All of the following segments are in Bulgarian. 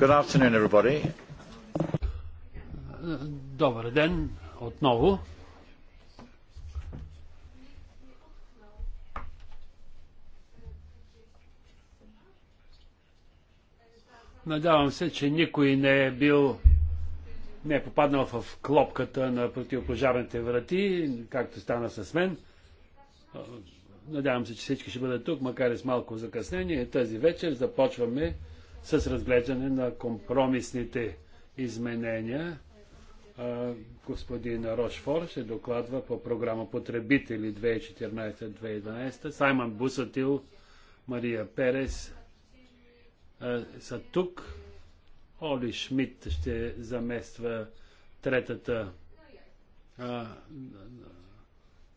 Good afternoon, everybody. Добър ден отново. Надявам се, че никой не е бил не е попаднал в клопката на противопожарните врати, както стана с мен. Надявам се, че всички ще бъдат тук, макар и с малко закъснение. Тази вечер започваме с разглеждане на компромисните изменения. Господин Рошфор ще докладва по програма Потребители 2014-2012. Саймон Бусатил, Мария Перес са тук. Оли Шмидт ще замества третата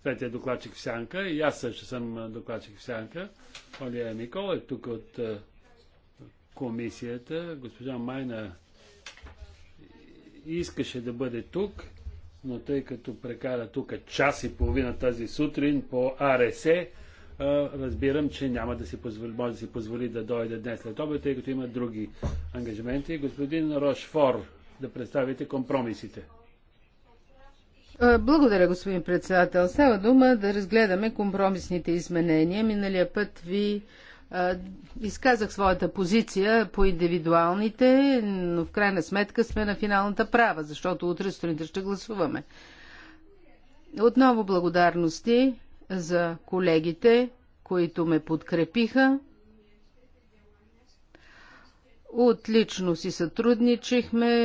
третия докладчик в Сянка и аз също съм докладчик в Сянка. Олия Никола, е тук от комисията. Госпожа Майна искаше да бъде тук, но тъй като прекара тук час и половина тази сутрин по АРС, разбирам, че няма да си позволи, може да си позволи да дойде днес след обед, тъй като има други ангажименти. Господин Рошфор, да представите компромисите. Благодаря, господин председател. Става дума да разгледаме компромисните изменения. Миналия път ви Изказах своята позиция по индивидуалните, но в крайна сметка сме на финалната права, защото утре сутринта ще гласуваме. Отново благодарности за колегите, които ме подкрепиха. Отлично си сътрудничихме,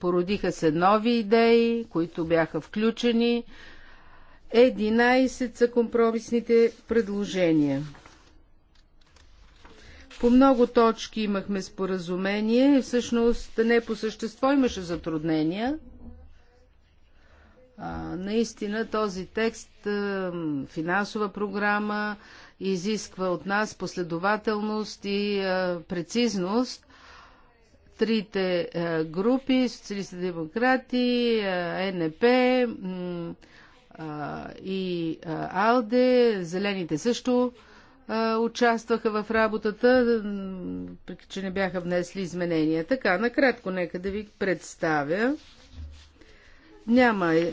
породиха се нови идеи, които бяха включени. 11 са компромисните предложения. По много точки имахме споразумение, всъщност не по същество имаше затруднения. А, наистина този текст, финансова програма, изисква от нас последователност и а, прецизност. Трите а, групи, социалисти демократи, а, НП и АЛДЕ, зелените също участваха в работата, че не бяха внесли изменения. Така, накратко нека да ви представя. Няма е, е,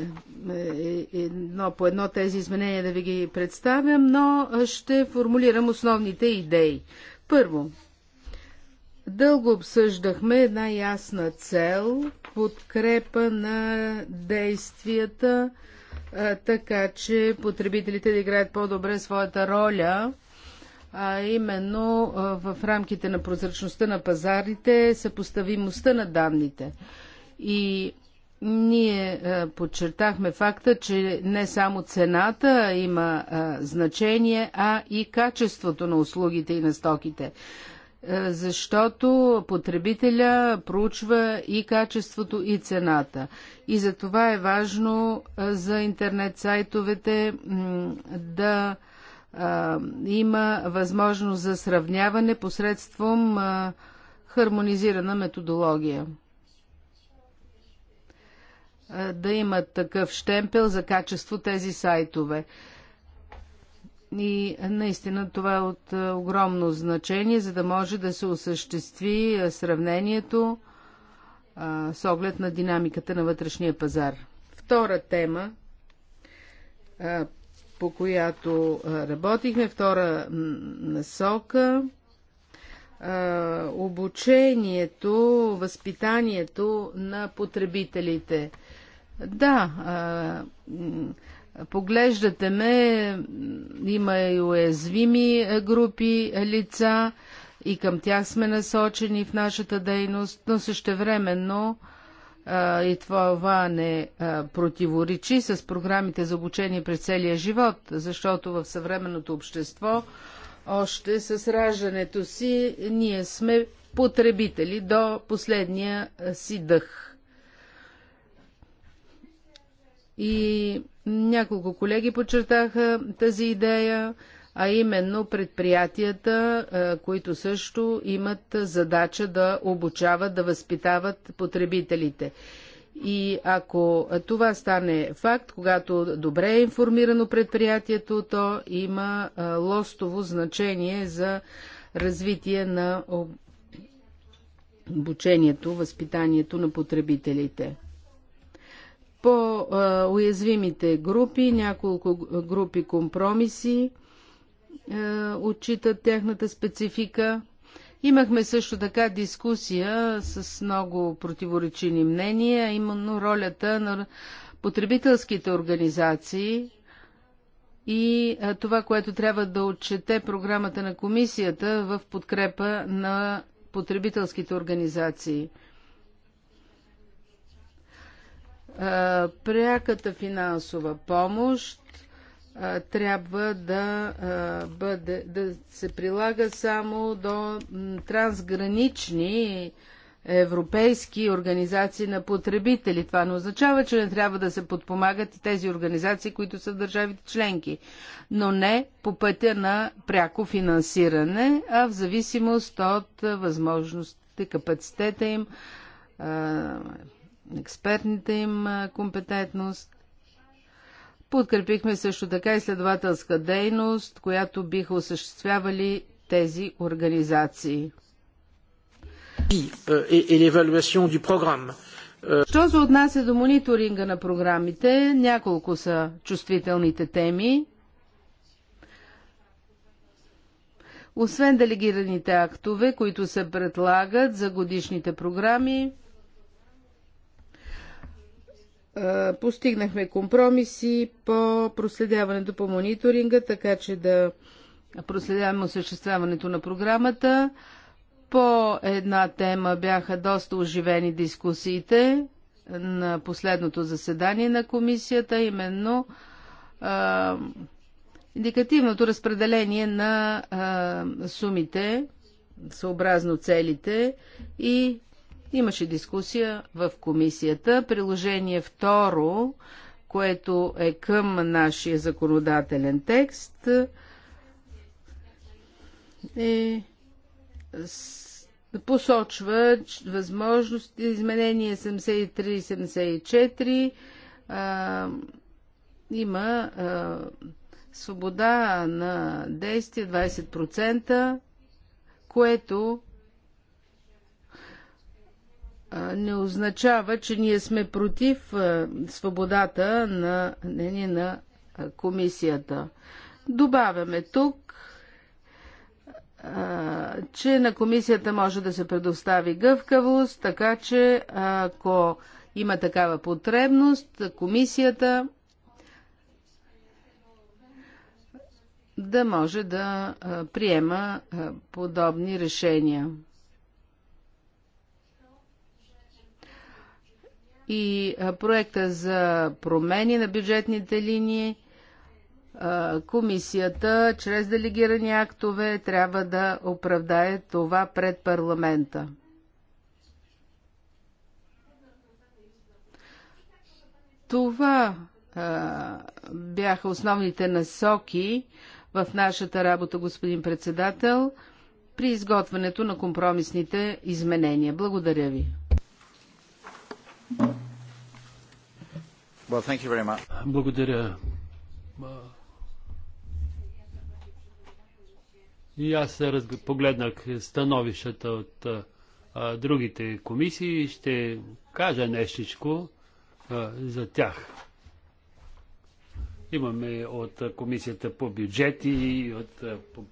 е, едно по едно тези изменения да ви ги представям, но ще формулирам основните идеи. Първо, дълго обсъждахме една ясна цел подкрепа на действията, така че потребителите да играят по-добре своята роля а именно в рамките на прозрачността на пазарите, съпоставимостта на данните. И ние подчертахме факта, че не само цената има значение, а и качеството на услугите и на стоките. Защото потребителя проучва и качеството, и цената. И за това е важно за интернет сайтовете да а, има възможност за сравняване посредством а, хармонизирана методология. А, да има такъв штемпел за качество тези сайтове. И наистина това е от огромно значение, за да може да се осъществи сравнението а, с оглед на динамиката на вътрешния пазар. Втора тема а, по която работихме, втора насока. Обучението, възпитанието на потребителите. Да, поглеждате ме, има и уязвими групи лица и към тях сме насочени в нашата дейност, но същевременно времено и това не противоречи с програмите за обучение през целия живот, защото в съвременното общество още с раждането си ние сме потребители до последния си дъх. И няколко колеги подчертаха тази идея а именно предприятията, е, които също имат задача да обучават, да възпитават потребителите. И ако това стане факт, когато добре е информирано предприятието, то има е, лостово значение за развитие на обучението, възпитанието на потребителите. По е, уязвимите групи, няколко групи компромиси – е, отчитат тяхната специфика. Имахме също така дискусия с много противоречини мнения, именно ролята на потребителските организации и е, това, което трябва да отчете програмата на комисията в подкрепа на потребителските организации. Е, пряката финансова помощ трябва да, бъде, да се прилага само до трансгранични европейски организации на потребители. Това не означава, че не трябва да се подпомагат и тези организации, които са държавите членки, но не по пътя на пряко финансиране, а в зависимост от възможностите, капацитета им, експертните им компетентност Подкрепихме също така изследователска дейност, която биха осъществявали тези организации. Е, е, Що се отнася до мониторинга на програмите, няколко са чувствителните теми. Освен делегираните актове, които се предлагат за годишните програми, Постигнахме компромиси по проследяването по мониторинга, така че да проследяваме осъществяването на програмата. По една тема бяха доста оживени дискусиите на последното заседание на комисията, именно а, индикативното разпределение на а, сумите съобразно целите и Имаше дискусия в комисията. Приложение второ, което е към нашия законодателен текст, е посочва възможности изменение 73-74 има а, свобода на действие 20%, което не означава, че ние сме против свободата на, не, не, на комисията. Добавяме тук, че на комисията може да се предостави гъвкавост, така че ако има такава потребност, комисията да може да приема подобни решения. и проекта за промени на бюджетните линии, комисията чрез делегирани актове трябва да оправдае това пред парламента. Това а, бяха основните насоки в нашата работа, господин председател, при изготвянето на компромисните изменения. Благодаря ви. Благодаря. И аз се погледнах становищата от а, другите комисии и ще кажа нещичко а, за тях. Имаме от Комисията по бюджети и от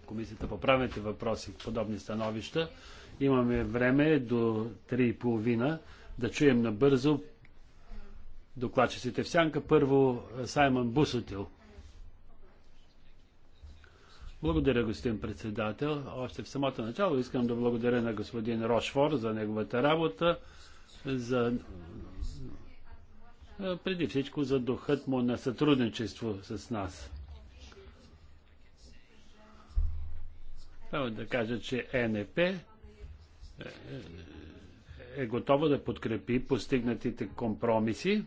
Комисията по правните въпроси подобни становища. Имаме време до 3.30 да чуем набързо докладчиците в сянка. Първо е, Саймон Бусотил. Благодаря, господин председател. Още в самото начало искам да благодаря на господин Рошфор за неговата работа, за е, преди всичко за духът му на сътрудничество с нас. Трябва да кажа, че ЕНП е, е готова да подкрепи постигнатите компромиси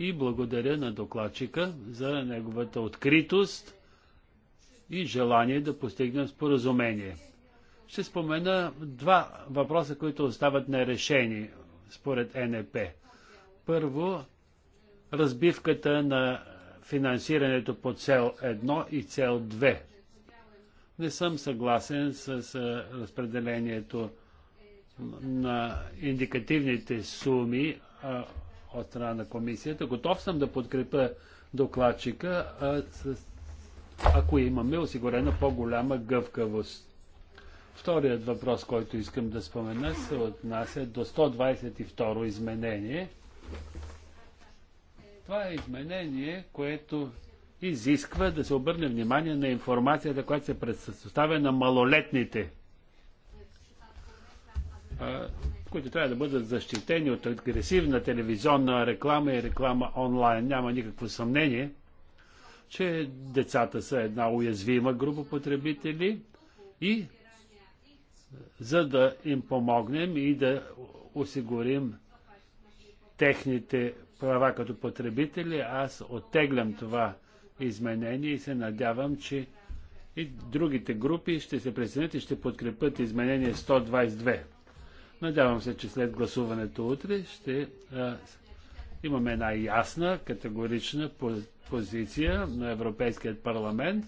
и благодаря на докладчика за неговата откритост и желание да постигнем споразумение. Ще спомена два въпроса, които остават нерешени според НЕП. Първо, разбивката на финансирането по цел 1 и цел 2. Не съм съгласен с разпределението на индикативните суми, от страна на комисията. Готов съм да подкрепя докладчика, а, с, ако имаме осигурена по-голяма гъвкавост. Вторият въпрос, който искам да спомена, се отнася до 122 изменение. Това е изменение, което изисква да се обърне внимание на информацията, която се предоставя на малолетните които трябва да бъдат защитени от агресивна телевизионна реклама и реклама онлайн. Няма никакво съмнение, че децата са една уязвима група потребители и за да им помогнем и да осигурим техните права като потребители, аз оттеглям това изменение и се надявам, че и другите групи ще се присъединят и ще подкрепят изменение 122. Надявам се, че след гласуването утре ще а, имаме една ясна, категорична позиция на Европейският парламент,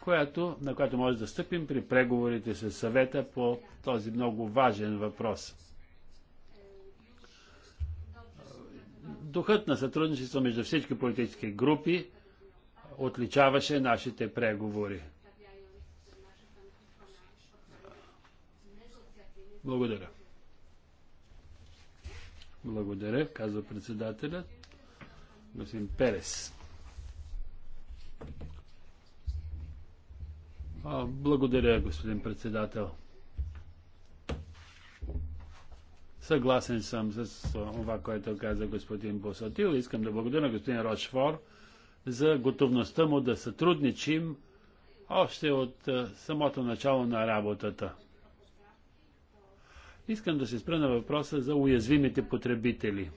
която, на която може да стъпим при преговорите с съвета по този много важен въпрос. Духът на сътрудничество между всички политически групи отличаваше нашите преговори. Благодаря. Благодаря, казва председателят. Господин Перес. А, благодаря, господин председател. Съгласен съм с това, което каза господин Босатил. Искам да благодаря на господин Рошфор за готовността му да сътрудничим още от самото начало на работата. Искам да се спра на въпроса за уязвимите потребители.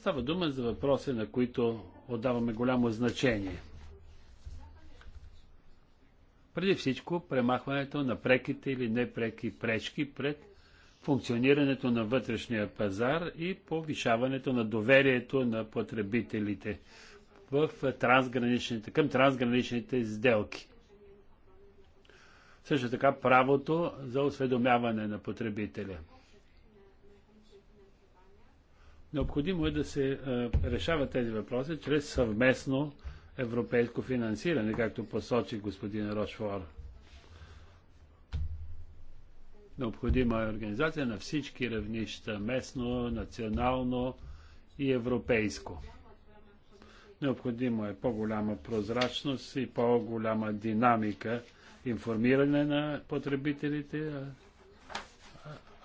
става дума за въпроси, на които отдаваме голямо значение. Преди всичко, премахването на преките или непреки пречки пред функционирането на вътрешния пазар и повишаването на доверието на потребителите в трансграничните, към трансграничните сделки. Също така правото за осведомяване на потребителя. Необходимо е да се е, решават тези въпроси чрез съвместно европейско финансиране, както посочи господин Рошфор. Необходима е организация на всички равнища местно, национално и европейско. Необходимо е по-голяма прозрачност и по-голяма динамика информиране на потребителите,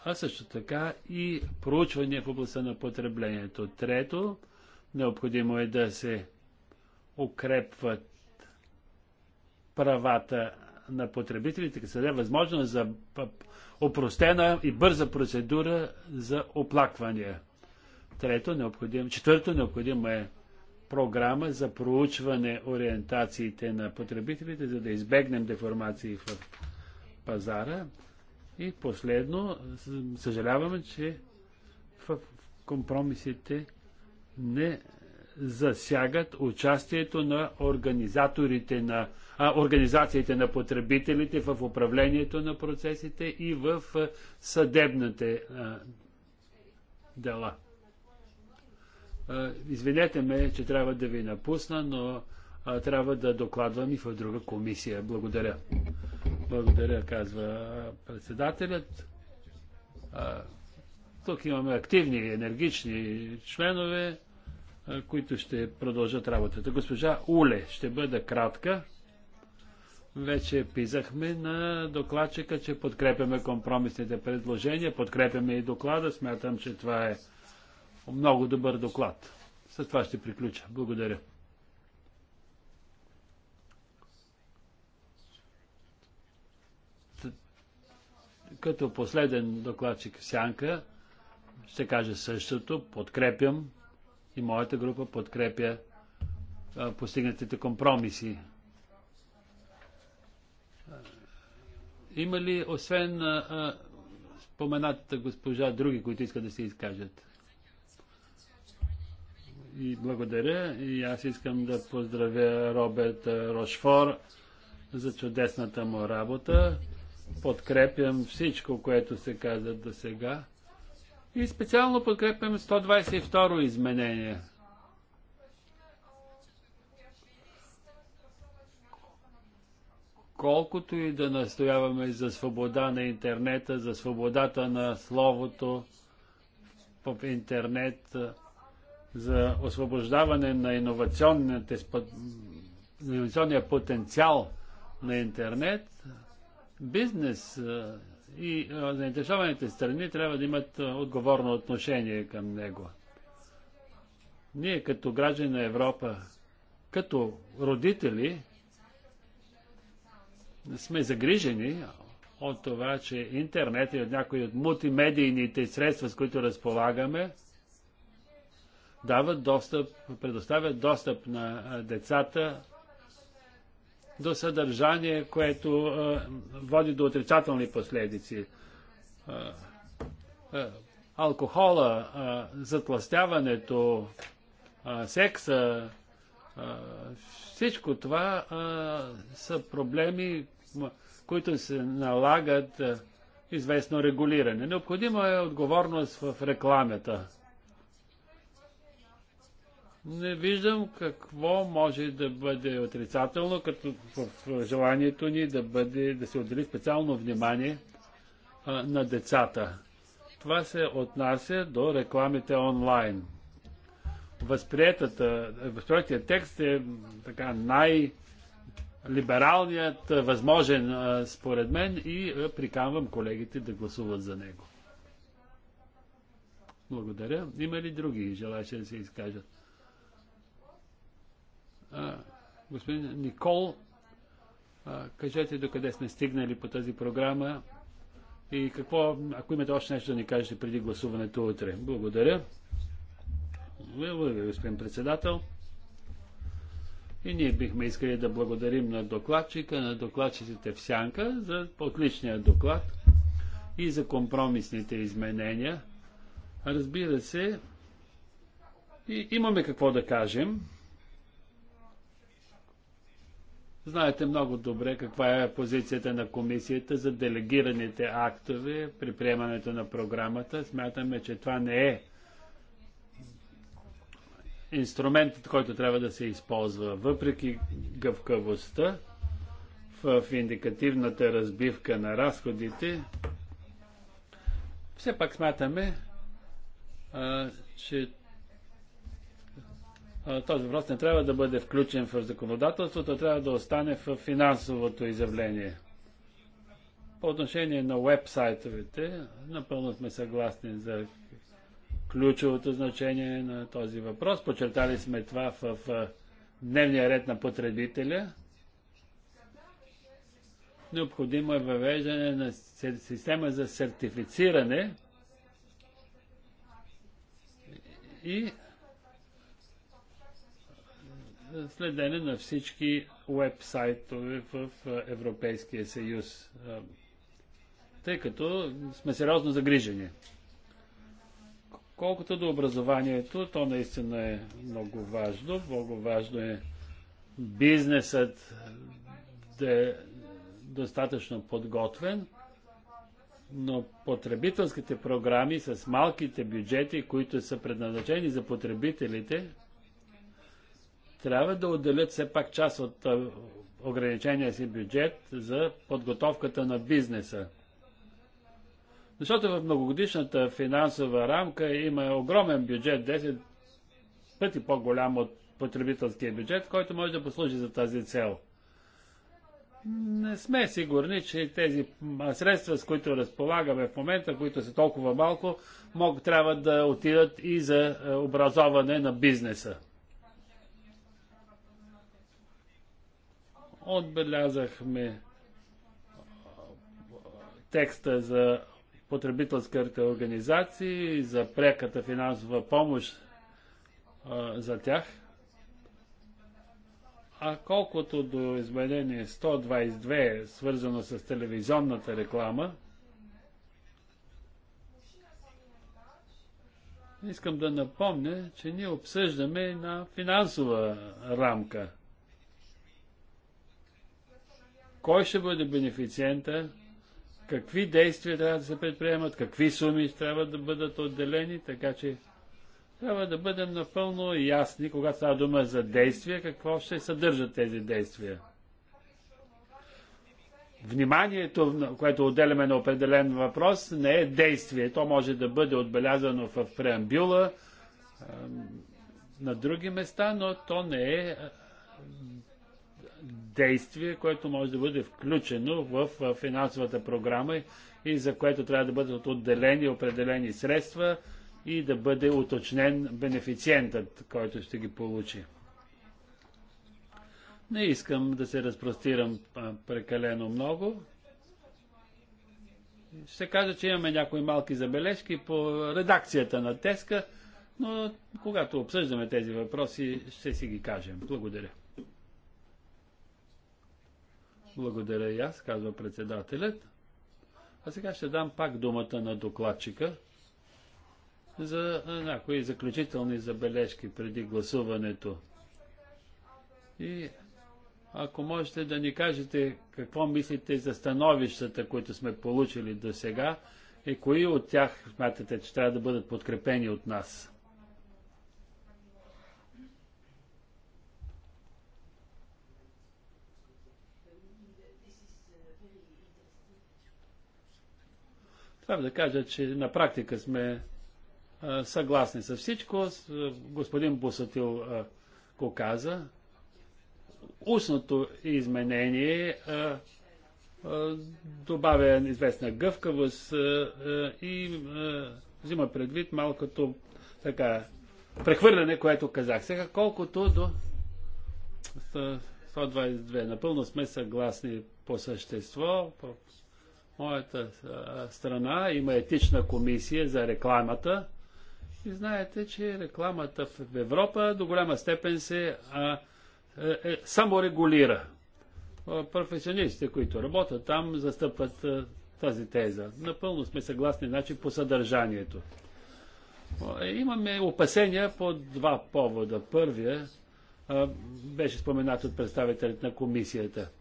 а също така и проучвания в областта на потреблението. Трето, необходимо е да се укрепват правата на потребителите, като се даде възможност за опростена и бърза процедура за оплаквания. Трето, необходимо, четвърто, необходимо е програма за проучване ориентациите на потребителите, за да избегнем деформации в пазара. И последно, съжаляваме, че в компромисите не засягат участието на организаторите на а, организациите на потребителите в управлението на процесите и в съдебните а, дела. Извинете ме, че трябва да ви напусна, но трябва да докладвам и в друга комисия. Благодаря. Благодаря, казва председателят. Тук имаме активни, енергични членове, които ще продължат работата. Госпожа Уле ще бъде кратка. Вече писахме на докладчика, че подкрепяме компромисните предложения, подкрепяме и доклада. Смятам, че това е много добър доклад. С това ще приключа. Благодаря. Като последен докладчик Сянка ще кажа същото. Подкрепям и моята група подкрепя постигнатите компромиси. Има ли, освен а, споменатата госпожа, други, които искат да се изкажат? И благодаря. И аз искам да поздравя Роберт Рошфор за чудесната му работа. Подкрепям всичко, което се каза до сега. И специално подкрепям 122 изменение. колкото и да настояваме за свобода на интернета, за свободата на словото в интернет, за освобождаване на иновационния потенциал на интернет, бизнес и заинтересованите страни трябва да имат отговорно отношение към него. Ние като граждани на Европа, като родители, сме загрижени от това, че интернет и е от някои от мултимедийните средства, с които разполагаме, дават достъп, предоставят достъп на децата до съдържание, което води до отрицателни последици. алкохола, затластяването, секса, всичко това са проблеми, които се налагат известно регулиране. Необходимо е отговорност в рекламата. Не виждам какво може да бъде отрицателно, като в желанието ни да, бъде, да се отдели специално внимание а, на децата. Това се отнася до рекламите онлайн. Възприятият текст е така най- либералният възможен според мен и приканвам колегите да гласуват за него. Благодаря. Има ли други желаящи да се изкажат? Господин Никол, кажете докъде сме стигнали по тази програма и какво, ако имате още нещо да ни кажете преди гласуването утре. Благодаря. Благодаря, господин председател. И ние бихме искали да благодарим на докладчика, на докладчиците в Сянка за отличния доклад и за компромисните изменения. Разбира се, и имаме какво да кажем. Знаете много добре каква е позицията на комисията за делегираните актове при приемането на програмата. Смятаме, че това не е инструментът, който трябва да се използва. Въпреки гъвкавостта в индикативната разбивка на разходите, все пак смятаме, че този въпрос не трябва да бъде включен в законодателството, трябва да остане в финансовото изявление. По отношение на вебсайтовете, напълно сме съгласни за ключовото значение на този въпрос. Почертали сме това в дневния ред на потребителя. Необходимо е въвеждане на система за сертифициране и следене на всички уебсайтове в Европейския съюз, тъй като сме сериозно загрижени. Колкото до образованието, то наистина е много важно. Много важно е бизнесът да е достатъчно подготвен, но потребителските програми с малките бюджети, които са предназначени за потребителите, трябва да отделят все пак част от ограничения си бюджет за подготовката на бизнеса. Защото в многогодишната финансова рамка има огромен бюджет, 10 пъти по-голям от потребителския бюджет, който може да послужи за тази цел. Не сме сигурни, че тези средства, с които разполагаме в момента, които са толкова малко, могат, трябва да отидат и за образование на бизнеса. Отбелязахме текста за потребителските организации, за преката финансова помощ за тях. А колкото до изменение 122, свързано с телевизионната реклама, искам да напомня, че ние обсъждаме на финансова рамка. Кой ще бъде бенефициента? Какви действия трябва да се предприемат? Какви суми трябва да бъдат отделени? Така че трябва да бъдем напълно ясни, когато става дума за действия, какво ще съдържат тези действия. Вниманието, което отделяме на определен въпрос, не е действие. То може да бъде отбелязано в преамбюла, на други места, но то не е действие, което може да бъде включено в финансовата програма и за което трябва да бъдат отделени определени средства и да бъде уточнен бенефициентът, който ще ги получи. Не искам да се разпростирам прекалено много. Ще кажа, че имаме някои малки забележки по редакцията на Теска, но когато обсъждаме тези въпроси, ще си ги кажем. Благодаря. Благодаря и аз, казва председателят. А сега ще дам пак думата на докладчика за някои заключителни забележки преди гласуването. И ако можете да ни кажете какво мислите за становищата, които сме получили до сега и кои от тях смятате, че трябва да бъдат подкрепени от нас. Трябва да кажа, че на практика сме а, съгласни с всичко. Господин Бусатил а, го каза. Устното изменение а, добавя известна гъвкавост и взима предвид малкото така прехвърляне, което казах. Сега колкото до 122. Напълно сме съгласни по същество, по моята страна има етична комисия за рекламата и знаете, че рекламата в Европа до голяма степен се а, е, е, саморегулира. Професионалистите, които работят там, застъпват а, тази теза. Напълно сме съгласни значи, по съдържанието. Имаме опасения по два повода. Първия а, беше споменат от представителят на комисията –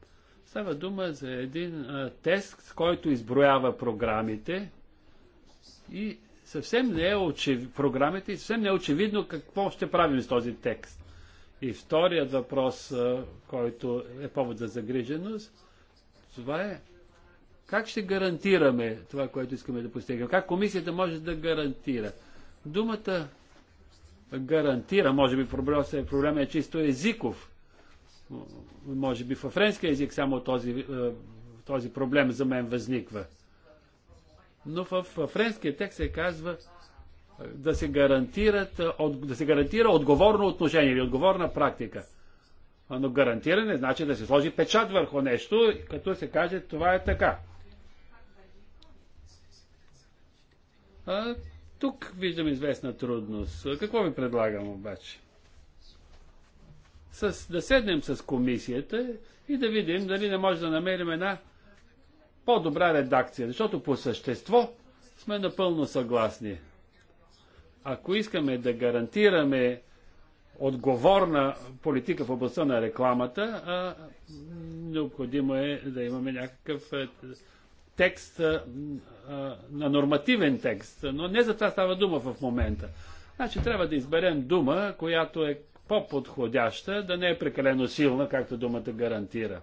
Става дума за един а, тест, който изброява програмите и съвсем не е очев... програмите и съвсем не е очевидно какво ще правим с този текст. И вторият въпрос, а, който е повод за загриженост, това е как ще гарантираме това, което искаме да постигнем? Как комисията може да гарантира? Думата гарантира, може би проблемът е, проблем е чисто езиков може би във френския език само този, е, този проблем за мен възниква. Но в френския текст се казва е, да се, гарантират, е, да се гарантира отговорно отношение или отговорна практика. Но гарантиране значи да се сложи печат върху нещо, като се каже това е така. А, тук виждам известна трудност. Какво ви предлагам обаче? с, да седнем с комисията и да видим дали не може да намерим една по-добра редакция, защото по същество сме напълно съгласни. Ако искаме да гарантираме отговорна политика в областта на рекламата, а, необходимо е да имаме някакъв е, текст, а, е, е, на нормативен текст, но не за това става дума в момента. Значи трябва да изберем дума, която е по-подходяща, да не е прекалено силна, както думата гарантира.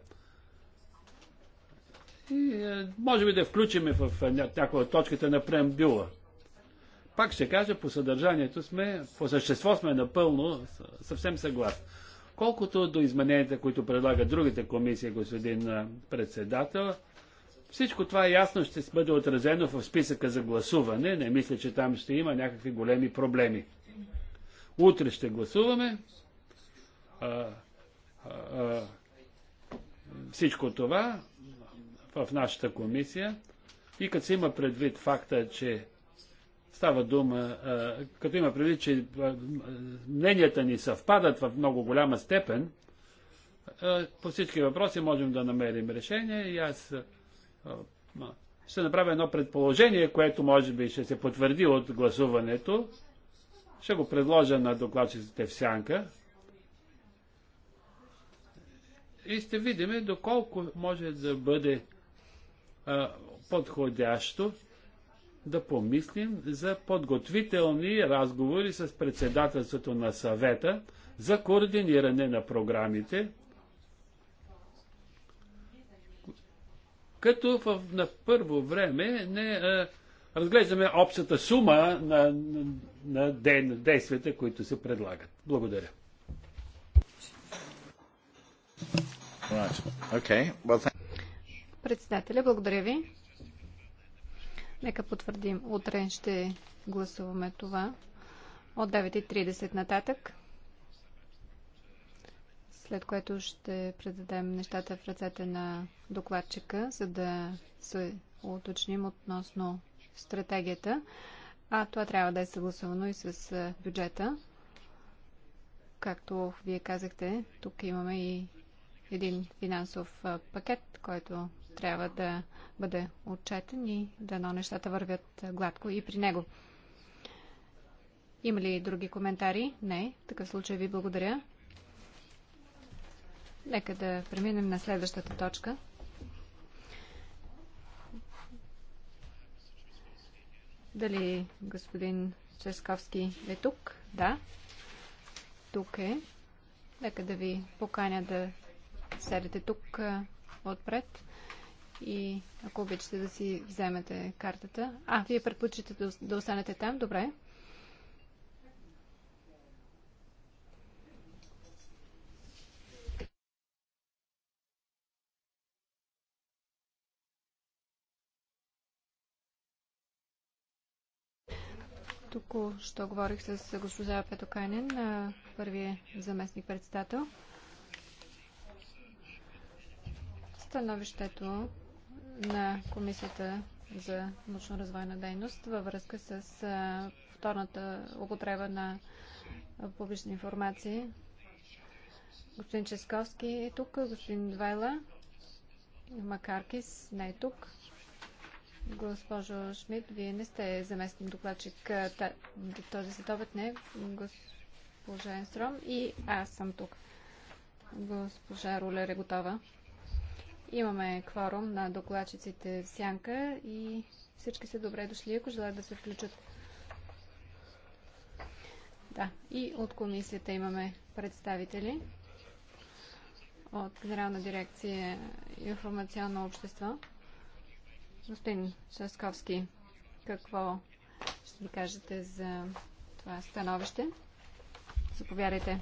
И е, може би да включим в е, някоя от точките на преамбюла. Пак ще кажа, по съдържанието сме, по същество сме напълно съвсем съгласни. Колкото до измененията, които предлагат другите комисии, господин е, председател, всичко това ясно ще бъде отразено в списъка за гласуване. Не мисля, че там ще има някакви големи проблеми. Утре ще гласуваме. А, а, а, всичко това в нашата комисия и като се има предвид факта, че става дума, като има предвид, че мненията ни съвпадат в много голяма степен, по всички въпроси можем да намерим решение и аз ще направя едно предположение, което може би ще се потвърди от гласуването. Ще го предложа на докладчиците в сянка. И ще видим доколко може да бъде а, подходящо да помислим за подготвителни разговори с председателството на съвета за координиране на програмите, като в, на първо време не а, разглеждаме общата сума на, на, на действията, които се предлагат. Благодаря. Right. Okay. Well, Председателя, благодаря ви. Нека потвърдим. Утре ще гласуваме това от 9.30 нататък, след което ще предадем нещата в ръцете на докладчика, за да се уточним относно стратегията, а това трябва да е съгласувано и с бюджета. Както вие казахте, тук имаме и един финансов пакет, който трябва да бъде отчетен и дано нещата вървят гладко и при него. Има ли други коментари? Не. В такъв случай ви благодаря. Нека да преминем на следващата точка. Дали господин Ческовски е тук? Да. Тук е. Нека да ви поканя да седете тук отпред и ако обичате да си вземете картата. А, вие предпочитате да останете там? Добре. Току-що говорих с госпожа Петоканен, първият е заместник председател. Становището на Комисията за научно-развойна дейност във връзка с повторната употреба на публична информация. Господин Ческовски е тук, господин Вайла Макаркис не е тук. Госпожо Шмидт, вие не сте заместник докладчик този следобед, не, госпожа Енстром и аз съм тук. Госпожа Рулер е готова. Имаме кворум на докладчиците в сянка и всички са добре дошли, ако желаят да се включат. Да, и от комисията имаме представители от Генерална дирекция информационно общество. Господин Сосковски, какво ще ви кажете за това становище? Заповядайте.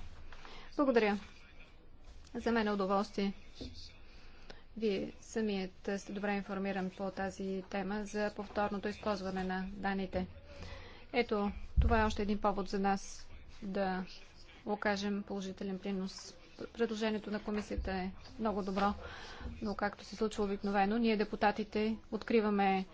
Благодаря. За мен е удоволствие. Вие самият сте добре информиран по тази тема за повторното използване на данните. Ето, това е още един повод за нас да окажем положителен принос Предложението на комисията е много добро, но както се случва обикновено, ние депутатите откриваме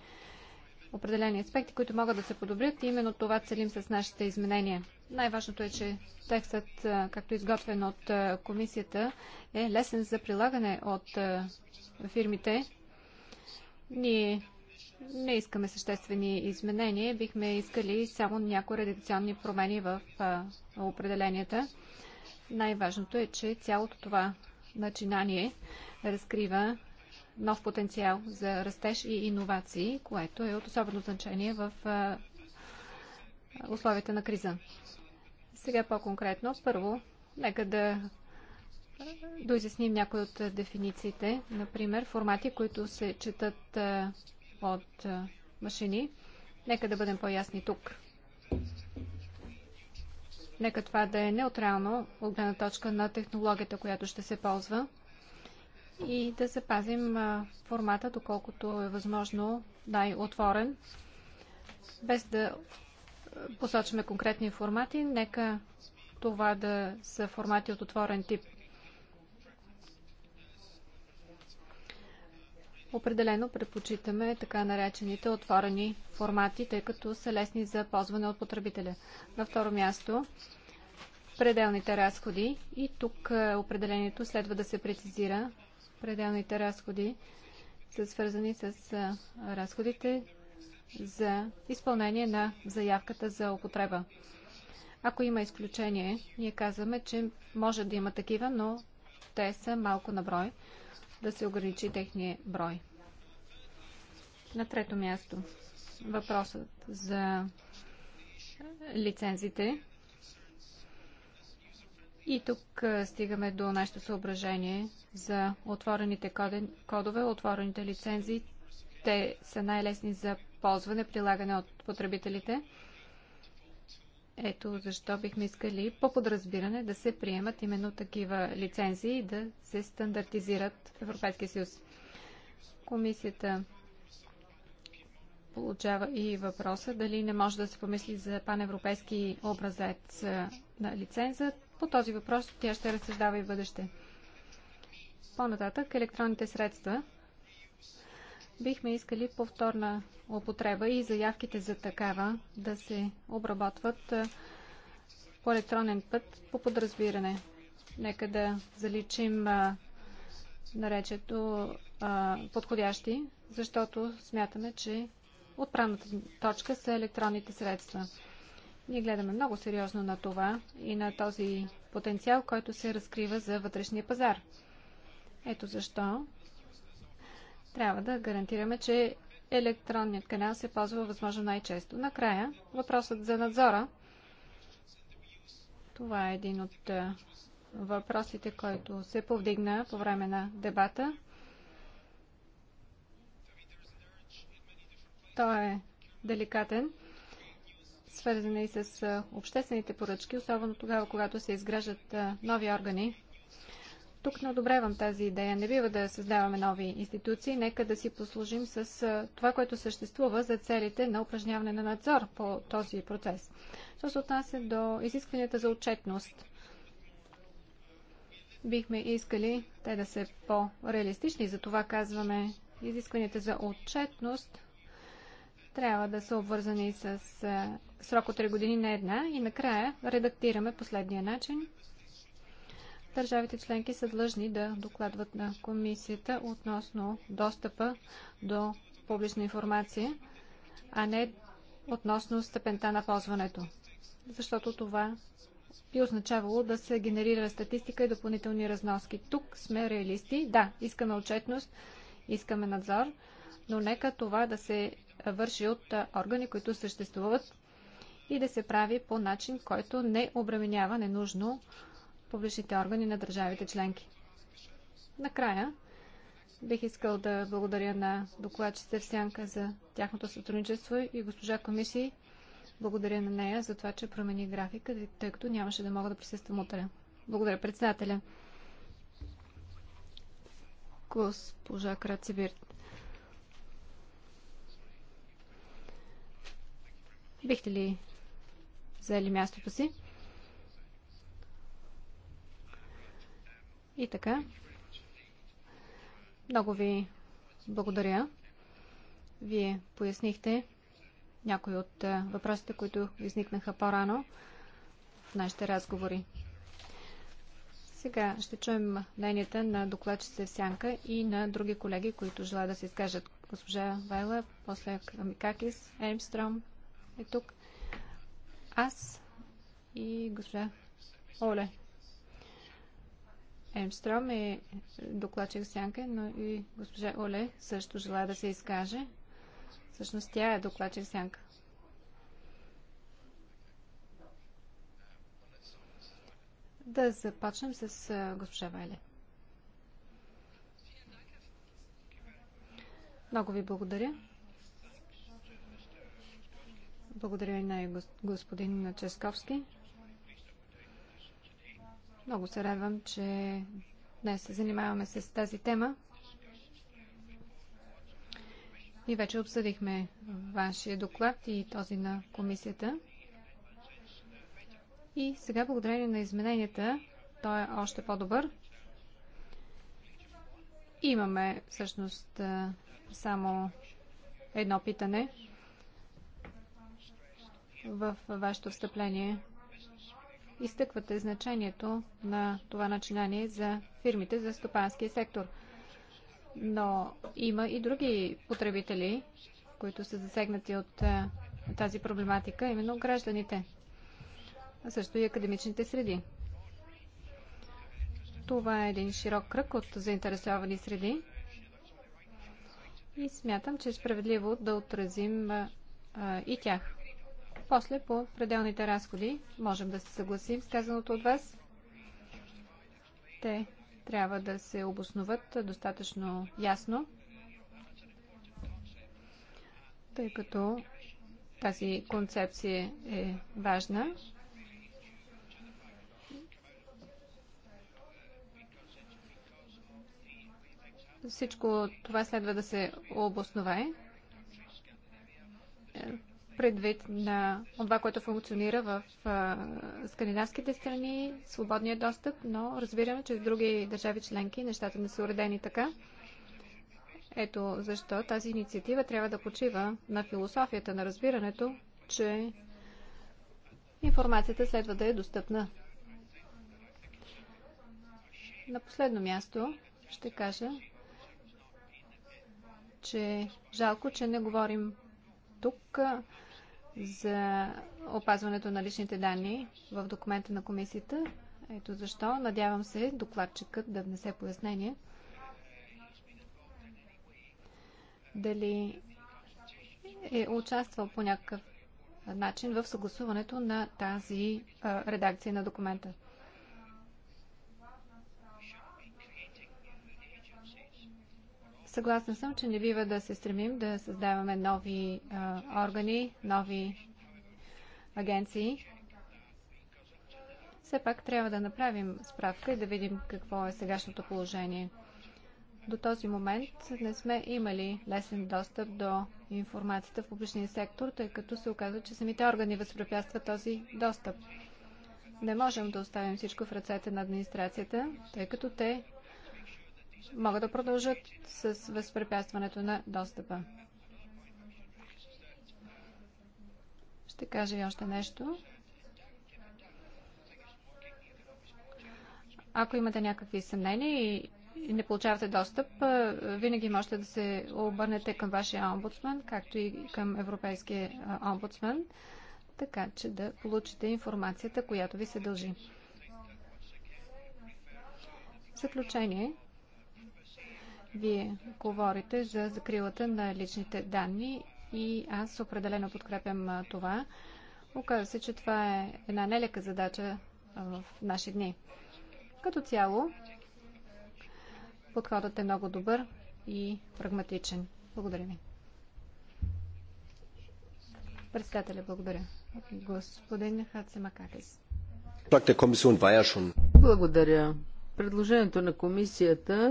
определени аспекти, които могат да се подобрят и именно това целим с нашите изменения. Най-важното е, че текстът, както е изготвен от комисията, е лесен за прилагане от фирмите. Ние не искаме съществени изменения, бихме искали само някои редакционни промени в определенията. Най-важното е, че цялото това начинание разкрива нов потенциал за растеж и иновации, което е от особено значение в условията на криза. Сега по-конкретно, първо, нека да доизясним някои от дефинициите. Например, формати, които се четат от машини. Нека да бъдем по-ясни тук. Нека това да е неутрално от гледна точка на технологията, която ще се ползва и да запазим формата, доколкото е възможно най-отворен, без да посочваме конкретни формати. Нека това да са формати от отворен тип. Определено предпочитаме така наречените отворени формати, тъй като са лесни за ползване от потребителя. На второ място, пределните разходи и тук е, определението следва да се прецизира. Пределните разходи са свързани с е, разходите за изпълнение на заявката за употреба. Ако има изключение, ние казваме, че може да има такива, но те са малко на брой да се ограничи техния брой. На трето място въпросът за лицензите. И тук стигаме до нашето съображение за отворените кодове, отворените лицензии. Те са най-лесни за ползване, прилагане от потребителите. Ето защо бихме искали по подразбиране да се приемат именно такива лицензии и да се стандартизират в Европейския съюз. Комисията получава и въпроса дали не може да се помисли за паневропейски образец на лиценза. По този въпрос тя ще разсъждава и бъдеще. По-нататък електронните средства – Бихме искали повторна употреба и заявките за такава да се обработват по електронен път по подразбиране. Нека да заличим наречето подходящи, защото смятаме, че отправната точка са електронните средства. Ние гледаме много сериозно на това и на този потенциал, който се разкрива за вътрешния пазар. Ето защо трябва да гарантираме, че електронният канал се ползва възможно най-често. Накрая, въпросът за надзора. Това е един от е, въпросите, който се повдигна по време на дебата. Той е деликатен, свързан и с е, обществените поръчки, особено тогава, когато се изграждат е, нови органи тук не одобрявам тази идея. Не бива да създаваме нови институции. Нека да си послужим с това, което съществува за целите на упражняване на надзор по този процес. Що се отнася до изискванията за отчетност, бихме искали те да са по-реалистични. Затова казваме изискванията за отчетност трябва да са обвързани с срок от 3 години на една и накрая редактираме последния начин – държавите членки са длъжни да докладват на комисията относно достъпа до публична информация, а не относно степента на ползването. Защото това би означавало да се генерира статистика и допълнителни разноски. Тук сме реалисти. Да, искаме отчетност, искаме надзор, но нека това да се върши от органи, които съществуват и да се прави по начин, който не обременява ненужно публичните органи на държавите членки. Накрая, бих искал да благодаря на докладчите в Сянка за тяхното сътрудничество и госпожа комисии. Благодаря на нея за това, че промени графика, тъй като нямаше да мога да присъствам утре. Благодаря председателя. Госпожа Крацибирт. Бихте ли взели мястото си? И така. Много ви благодаря. Вие пояснихте някои от въпросите, които изникнаха по-рано в нашите разговори. Сега ще чуем мненията на докладчица Сянка и на други колеги, които желаят да се изкажат. Госпожа Вайла, после Амикакис Еймстром е тук. Аз и госпожа Оле. Емстром е докладчик Сянка, но и госпожа Оле също желая да се изкаже. Всъщност тя е докладчик Сянка. Да започнем с госпожа Вайле. Много ви благодаря. Благодаря и на господин Ческовски. Много се радвам, че днес се занимаваме с тази тема. И вече обсъдихме вашия доклад и този на комисията. И сега, благодарение на измененията, той е още по-добър. Имаме всъщност само едно питане в вашето встъпление изтъквате значението на това начинание за фирмите за стопанския сектор. Но има и други потребители, които са засегнати от е, тази проблематика, именно гражданите, а също и академичните среди. Това е един широк кръг от заинтересовани среди и смятам, че е справедливо да отразим е, и тях. После по пределните разходи можем да се съгласим с казаното от вас. Те трябва да се обосноват достатъчно ясно, тъй като тази концепция е важна. Всичко това следва да се обоснове предвид на това, което функционира в скандинавските страни, свободния достъп, но разбираме, че в други държави членки нещата не са уредени така. Ето защо тази инициатива трябва да почива на философията на разбирането, че информацията следва да е достъпна. На последно място ще кажа, че жалко, че не говорим тук за опазването на личните данни в документа на комисията. Ето защо. Надявам се докладчикът да внесе пояснение. Дали е участвал по някакъв начин в съгласуването на тази редакция на документа. Съгласна съм, че не бива да се стремим да създаваме нови а, органи, нови агенции. Все пак трябва да направим справка и да видим какво е сегашното положение. До този момент не сме имали лесен достъп до информацията в публичния сектор, тъй като се оказва, че самите органи възпрепятстват този достъп. Не можем да оставим всичко в ръцете на администрацията, тъй като те могат да продължат с възпрепятстването на достъпа. Ще кажа и още нещо. Ако имате някакви съмнения и не получавате достъп, винаги можете да се обърнете към вашия омбудсман, както и към европейския омбудсман, така че да получите информацията, която ви се дължи. В заключение, вие говорите за закрилата на личните данни и аз определено подкрепям това. Оказва се, че това е една нелека задача в наши дни. Като цяло, подходът е много добър и прагматичен. Благодаря ви. Председателя, благодаря. Господин Хацемакакис. Е, благодаря. Предложението на комисията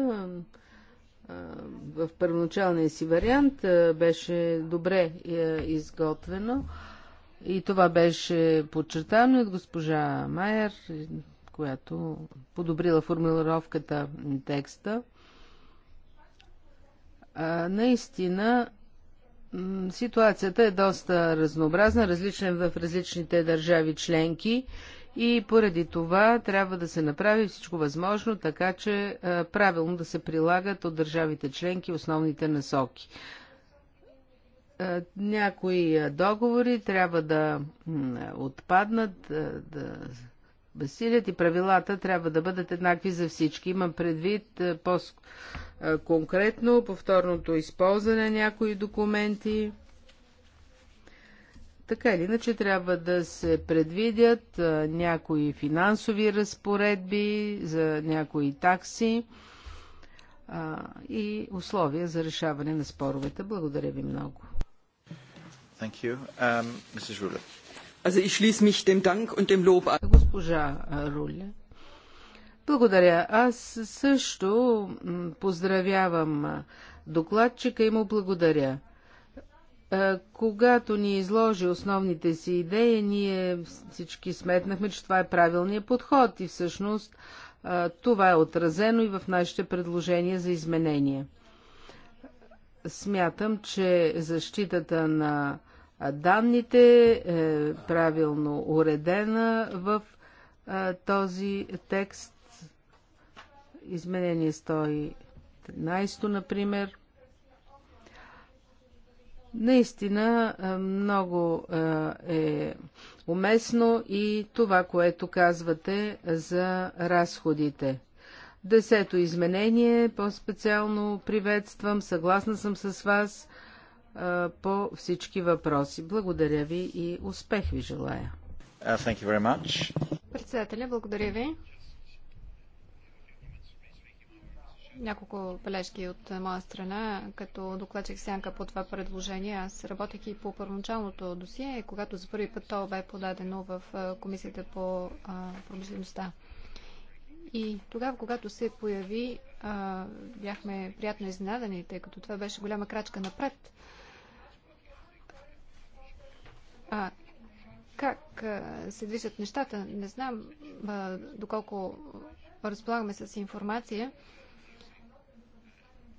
в първоначалния си вариант беше добре изготвено и това беше подчертано от госпожа Майер, която подобрила формулировката текста. наистина ситуацията е доста разнообразна, различна е в различните държави членки и поради това трябва да се направи всичко възможно, така че е, правилно да се прилагат от държавите членки основните насоки. Е, някои е, договори трябва да отпаднат, да безсилят и правилата трябва да бъдат еднакви за всички. Имам предвид по-конкретно повторното използване на някои документи така или иначе трябва да се предвидят а, някои финансови разпоредби за някои такси а, и условия за решаване на споровете. Благодаря ви много. Thank you. Um, Mrs. Also ich schließe mich dem Dank und dem Lob an. Госпожа Руля. Благодаря. Аз също поздравявам докладчика и му благодаря. Когато ни изложи основните си идеи, ние всички сметнахме, че това е правилният подход и всъщност това е отразено и в нашите предложения за изменения. Смятам, че защитата на данните е правилно уредена в този текст. Изменение 113, например – Наистина е, много е, е уместно и това, което казвате за разходите. Десето изменение, по-специално приветствам, съгласна съм с вас е, по всички въпроси. Благодаря ви и успех ви желая. Uh, Председателя, благодаря ви. Няколко бележки от моя страна, като докладчих сянка по това предложение. Аз работех и по първоначалното досие, когато за първи път то бе подадено в Комисията по промишлеността. И тогава, когато се появи, бяхме приятно изненадани, тъй като това беше голяма крачка напред. А, как се движат нещата, не знам доколко разполагаме с информация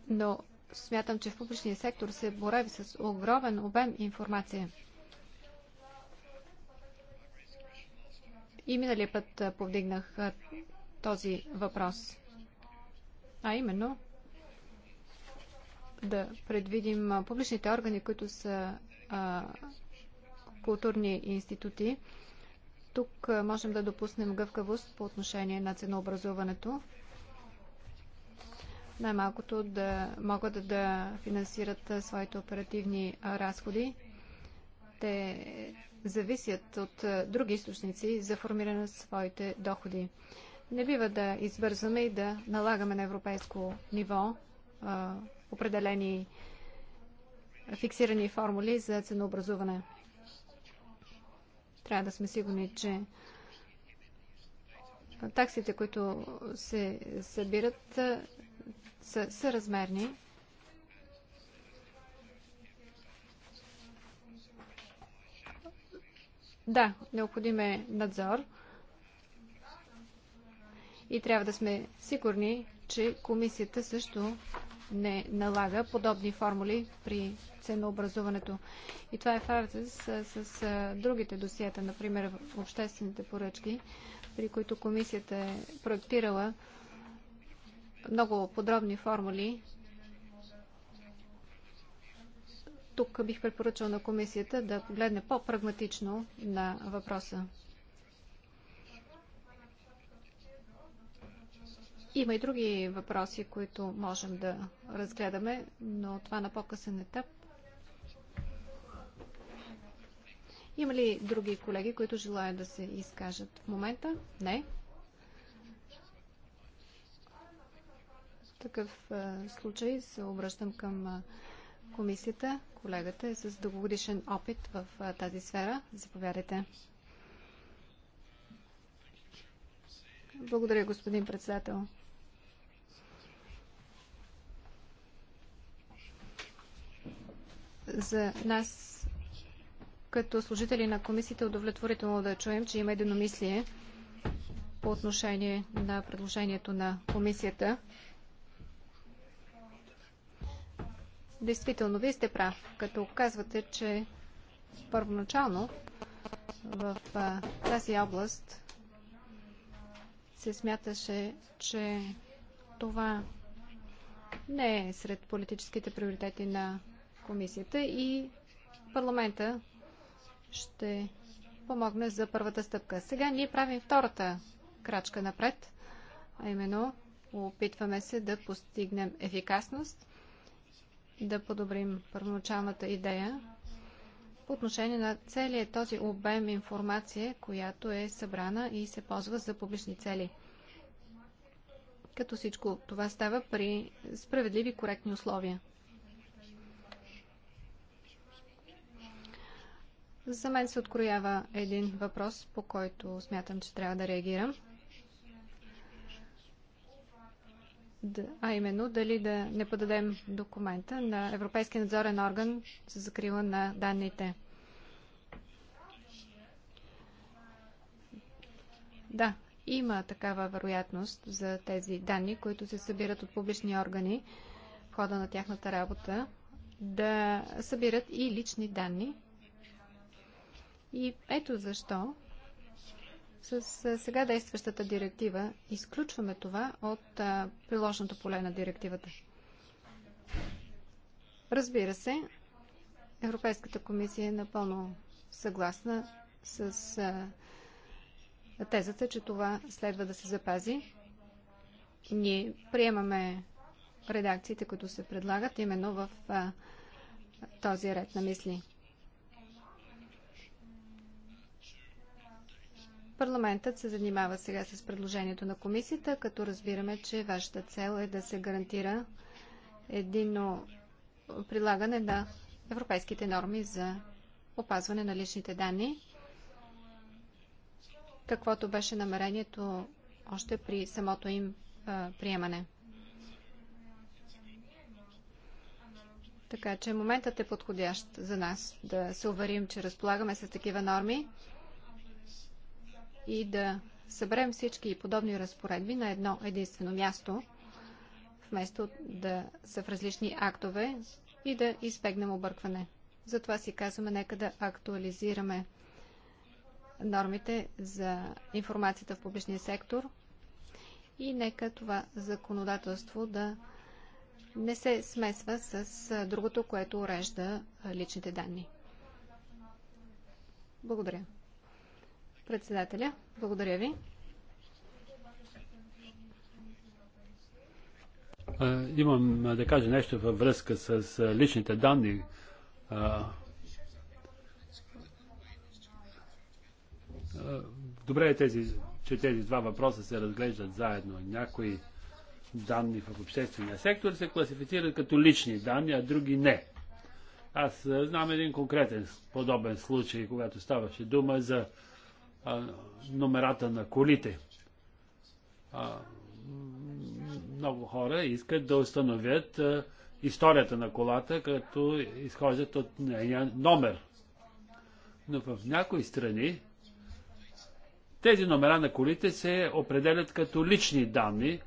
но смятам, че в публичния сектор се борави с огромен обем информация. И миналия път повдигнах този въпрос. А именно да предвидим публичните органи, които са а, културни институти. Тук можем да допуснем гъвкавост по отношение на ценообразуването най-малкото да могат да финансират своите оперативни разходи. Те зависят от други източници за формиране на своите доходи. Не бива да избързваме и да налагаме на европейско ниво определени фиксирани формули за ценообразуване. Трябва да сме сигурни, че таксите, които се събират, са съразмерни. Да, необходим е надзор и трябва да сме сигурни, че комисията също не налага подобни формули при ценообразуването. И това е фарата с, с, с другите досиета, например в обществените поръчки, при които комисията е проектирала много подробни формули. Тук бих препоръчал на комисията да погледне по-прагматично на въпроса. Има и други въпроси, които можем да разгледаме, но това на по-късен етап. Има ли други колеги, които желаят да се изкажат в момента? Не. В такъв случай се обръщам към комисията. Колегата е с дългогодишен опит в тази сфера. Заповядайте. Благодаря, господин председател. За нас, като служители на комисията, е удовлетворително да чуем, че има единомислие по отношение на предложението на комисията Действително, вие сте прав, като казвате, че първоначално в тази област се смяташе, че това не е сред политическите приоритети на комисията и парламента ще помогне за първата стъпка. Сега ние правим втората крачка напред, а именно опитваме се да постигнем ефикасност да подобрим първоначалната идея по отношение на целия този обем информация, която е събрана и се ползва за публични цели. Като всичко това става при справедливи коректни условия. За мен се откроява един въпрос, по който смятам, че трябва да реагирам. а именно дали да не подадем документа на Европейския надзорен орган за закрила на данните. Да, има такава вероятност за тези данни, които се събират от публични органи в хода на тяхната работа, да събират и лични данни. И ето защо с сега действащата директива изключваме това от приложното поле на директивата. Разбира се, Европейската комисия е напълно съгласна с тезата, че това следва да се запази. Ние приемаме редакциите, които се предлагат именно в този ред на мисли. Парламентът се занимава сега с предложението на комисията, като разбираме, че вашата цел е да се гарантира едино прилагане на европейските норми за опазване на личните данни, каквото беше намерението още при самото им а, приемане. Така че моментът е подходящ за нас да се уверим, че разполагаме с такива норми и да съберем всички подобни разпоредби на едно единствено място, вместо да са в различни актове и да избегнем объркване. Затова си казваме, нека да актуализираме нормите за информацията в публичния сектор и нека това законодателство да не се смесва с другото, което урежда личните данни. Благодаря. Председателя, благодаря ви. Имам да кажа нещо във връзка с личните данни. Добре е тези, че тези два въпроса се разглеждат заедно. Някои данни в обществения сектор се класифицират като лични данни, а други не. Аз знам един конкретен подобен случай, когато ставаше дума за номерата на колите. Много хора искат да установят историята на колата, като изхождат от нейния номер. Но в някои страни тези номера на колите се определят като лични данни,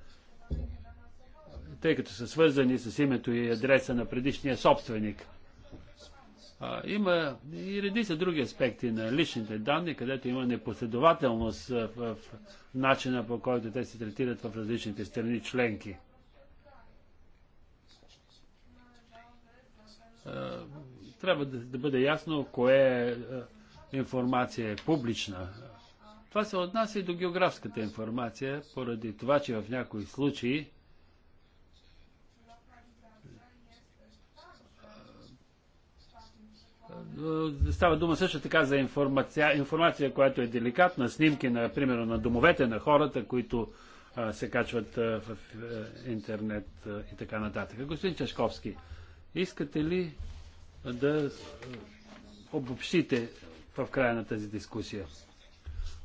тъй като са свързани с името и адреса на предишния собственик – има и редица други аспекти на личните данни, където има непоследователност в, начина по който те се третират в различните страни членки. трябва да, да бъде ясно кое е, информация е публична. Това се отнася и до географската информация, поради това, че в някои случаи Е, става дума също така за информация, информация, която е деликатна, снимки, например, на домовете на хората, които а, се качват а, в а, е, интернет а, и така нататък. Господин Чашковски, искате ли да обобщите в края на тази дискусия?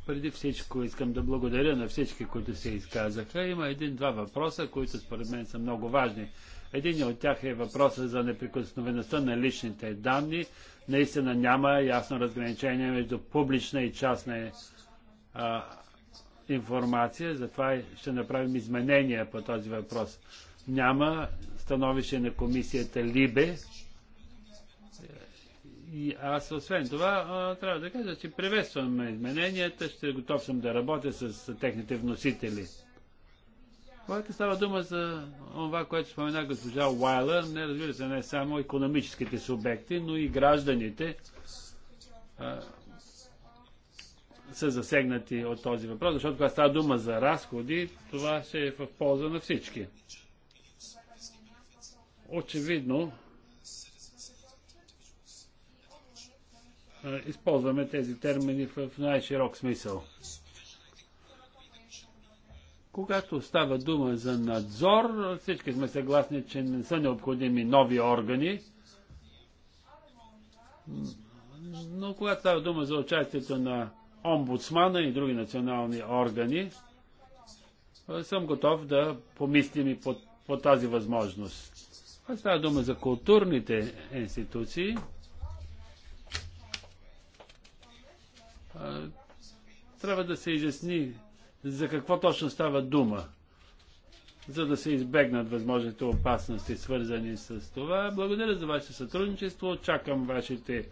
Преди всичко искам да благодаря на всички, които се изказаха. Има един-два въпроса, които според мен са много важни. Един от тях е въпросът за неприкосновеността на личните данни. Наистина няма ясно разграничение между публична и частна информация, затова ще направим изменения по този въпрос. Няма становище на комисията Либе. И аз освен това трябва да кажа, че приветствам измененията, ще готов съм да работя с техните вносители. Когато става дума за това, което спомена госпожа Уайлър, не разбира се не само економическите субекти, но и гражданите а, са засегнати от този въпрос, защото когато става дума за разходи, това ще е в полза на всички. Очевидно, а, използваме тези термини в най-широк смисъл. Когато става дума за надзор, всички сме съгласни, че не са необходими нови органи. Но когато става дума за участието на омбудсмана и други национални органи, съм готов да помислим и по, по тази възможност. А става дума за културните институции. Трябва да се изясни за какво точно става дума. За да се избегнат възможните опасности, свързани с това. Благодаря за вашето сътрудничество. Чакам вашите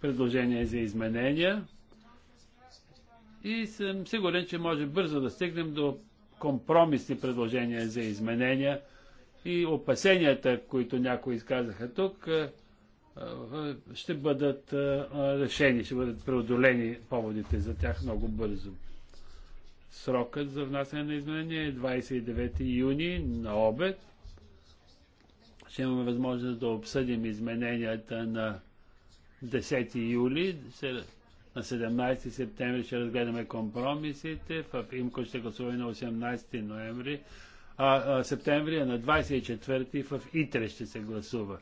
предложения за изменения. И съм сигурен, че може бързо да стигнем до компромисни предложения за изменения и опасенията, които някои изказаха тук, ще бъдат решени, ще бъдат преодолени поводите за тях много бързо. Срокът за внасяне на изменения е 29 юни на обед. Ще имаме възможност да обсъдим измененията на 10 юли. На 17 септември ще разгледаме компромисите. В Имко ще гласуваме на 18 ноември. А, а, септември, е на 24 в Итре ще се гласува.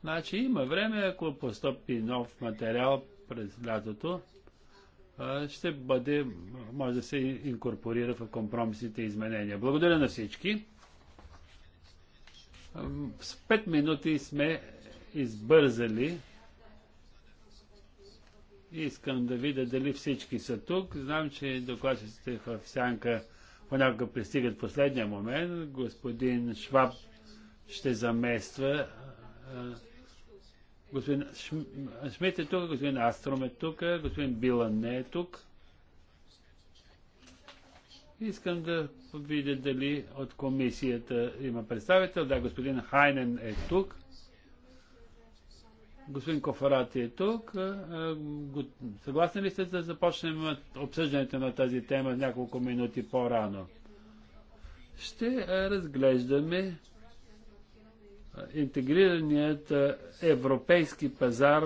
Значи има време, ако постъпи нов материал през лятото ще бъде, може да се инкорпорира в компромисните изменения. Благодаря на всички. С 5 минути сме избързали. Искам да видя дали всички са тук. Знам, че докладчиците в сянка понякога пристигат последния момент. Господин Шваб ще замества Господин Шмит е тук, господин Астром е тук, господин Билан не е тук. Искам да видя дали от комисията има представител. Да, господин Хайнен е тук. Господин Кофарати е тук. Съгласни ли сте да започнем обсъждането на тази тема няколко минути по-рано? Ще разглеждаме интегрираният европейски пазар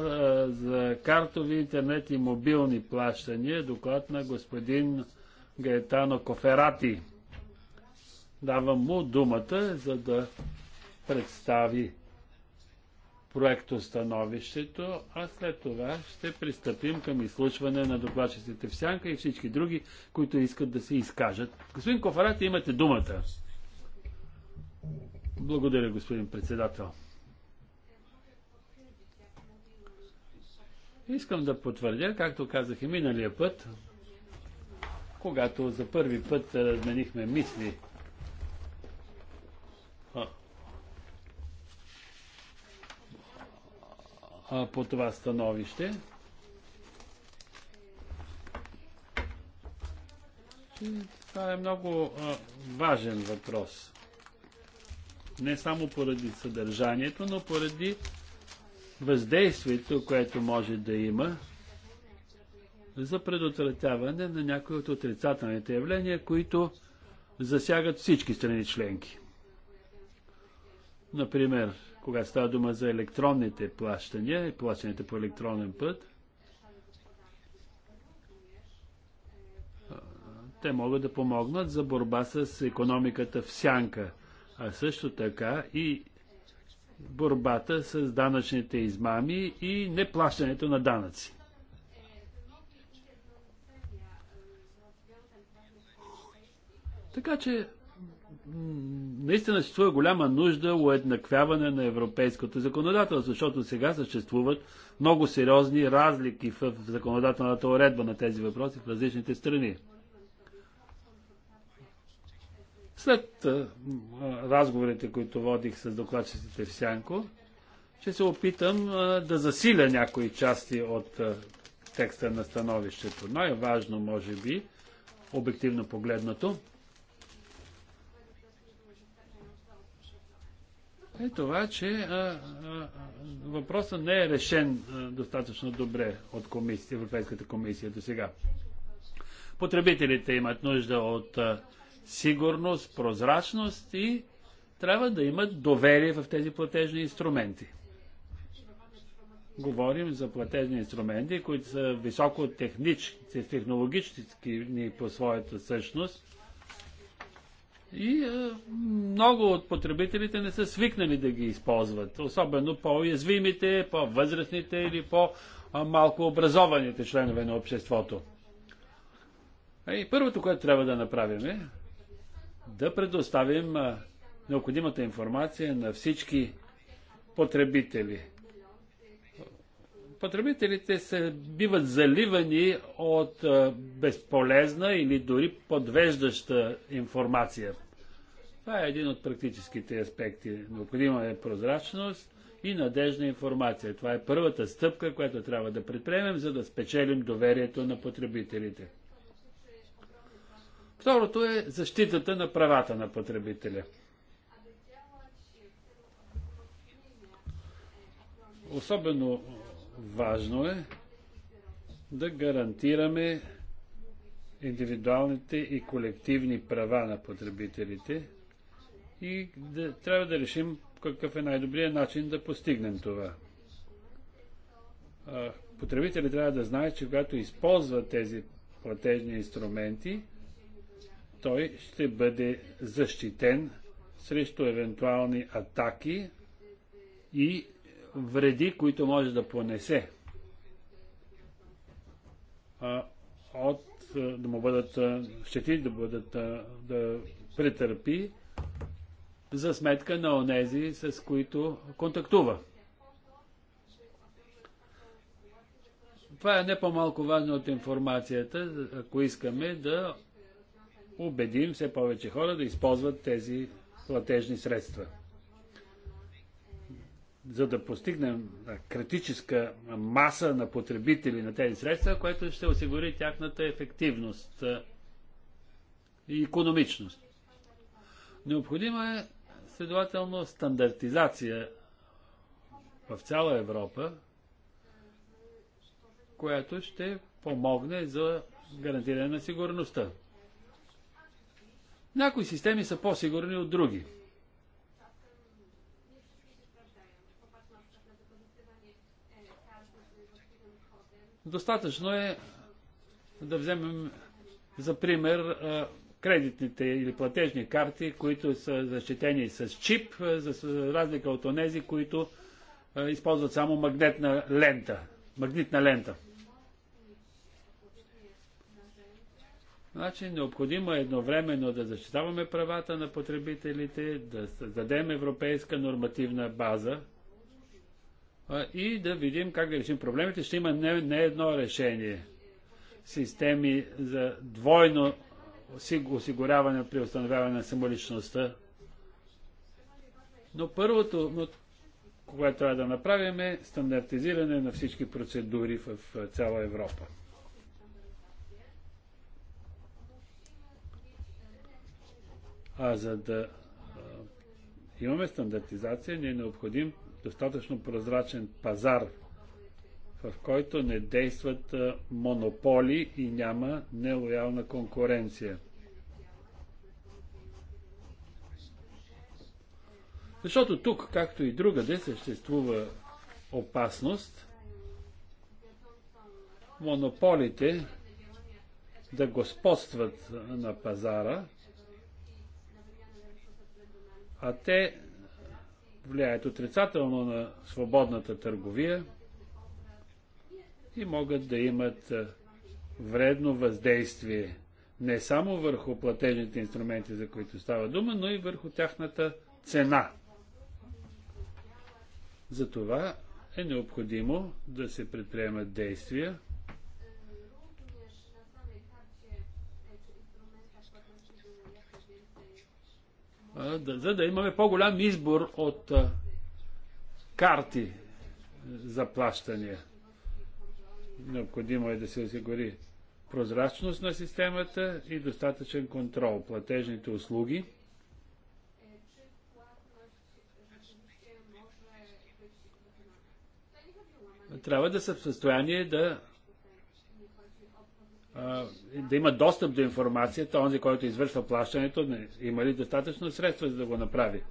за картови, интернет и мобилни плащания, доклад на господин Гаетано Коферати. Давам му думата, за да представи проектостановището, а след това ще пристъпим към изслушване на докладчиците в Сянка и всички други, които искат да се изкажат. Господин Коферати, имате думата. Благодаря, господин председател. Искам да потвърдя, както казах и миналия път, когато за първи път разменихме мисли по това становище. Това е много важен въпрос. Не само поради съдържанието, но поради въздействието, което може да има за предотвратяване на някои от отрицателните явления, които засягат всички страни членки. Например, когато става дума за електронните плащания и плащаните по електронен път, те могат да помогнат за борба с економиката в сянка а също така и борбата с данъчните измами и неплащането на данъци. Така че наистина съществува голяма нужда уеднаквяване на европейското законодателство, защото сега съществуват много сериозни разлики в законодателната уредба на тези въпроси в различните страни. След разговорите, които водих с докладчиците в Сянко, ще се опитам да засиля някои части от текста на становището. Най-важно, може би, обективно погледнато, е това, че а, а, въпросът не е решен а, достатъчно добре от комисия, Европейската комисия до сега. Потребителите имат нужда от а, сигурност, прозрачност и трябва да имат доверие в тези платежни инструменти. Говорим за платежни инструменти, които са високо технически, технологически по своята същност. И е, много от потребителите не са свикнали да ги използват, особено по-уязвимите, по-възрастните или по-малко образованите членове на обществото. Е, и първото, което трябва да направим е да предоставим необходимата информация на всички потребители. Потребителите се биват заливани от безполезна или дори подвеждаща информация. Това е един от практическите аспекти. Необходима е прозрачност и надежна информация. Това е първата стъпка, която трябва да предприемем, за да спечелим доверието на потребителите. Второто е защитата на правата на потребителя. Особено важно е да гарантираме индивидуалните и колективни права на потребителите и да, трябва да решим какъв е най-добрият начин да постигнем това. Потребителите трябва да знаят, че когато използват тези платежни инструменти, той ще бъде защитен срещу евентуални атаки и вреди, които може да понесе а, от да му бъдат щети, да бъдат да претърпи за сметка на онези, с които контактува. Това е не по-малко важно от информацията, ако искаме да убедим все повече хора да използват тези платежни средства. За да постигнем критическа маса на потребители на тези средства, което ще осигури тяхната ефективност и економичност. Необходима е, следователно, стандартизация в цяла Европа, която ще помогне за гарантиране на сигурността. Някои системи са по-сигурни от други. Достатъчно е да вземем за пример кредитните или платежни карти, които са защитени с чип, за разлика от онези, които използват само магнитна лента. Магнитна лента. Значи необходимо е едновременно да защитаваме правата на потребителите, да създадем европейска нормативна база а, и да видим как да решим проблемите. Ще има не, не едно решение. Системи за двойно осигуряване при установяване на самоличността. Но първото, но, което трябва да направим е стандартизиране на всички процедури в цяла Европа. А за да имаме стандартизация, ни е необходим достатъчно прозрачен пазар, в който не действат монополи и няма нелоялна конкуренция. Защото тук, както и другаде, съществува опасност монополите да господстват на пазара – а те влияят отрицателно на свободната търговия и могат да имат вредно въздействие не само върху платежните инструменти, за които става дума, но и върху тяхната цена. Затова е необходимо да се предприемат действия, за да имаме по-голям избор от карти за плащания. Необходимо е да се осигури прозрачност на системата и достатъчен контрол. Платежните услуги. Трябва да са в състояние да да има достъп до информацията, онзи, който извършва плащането, има ли достатъчно средства за да го направи.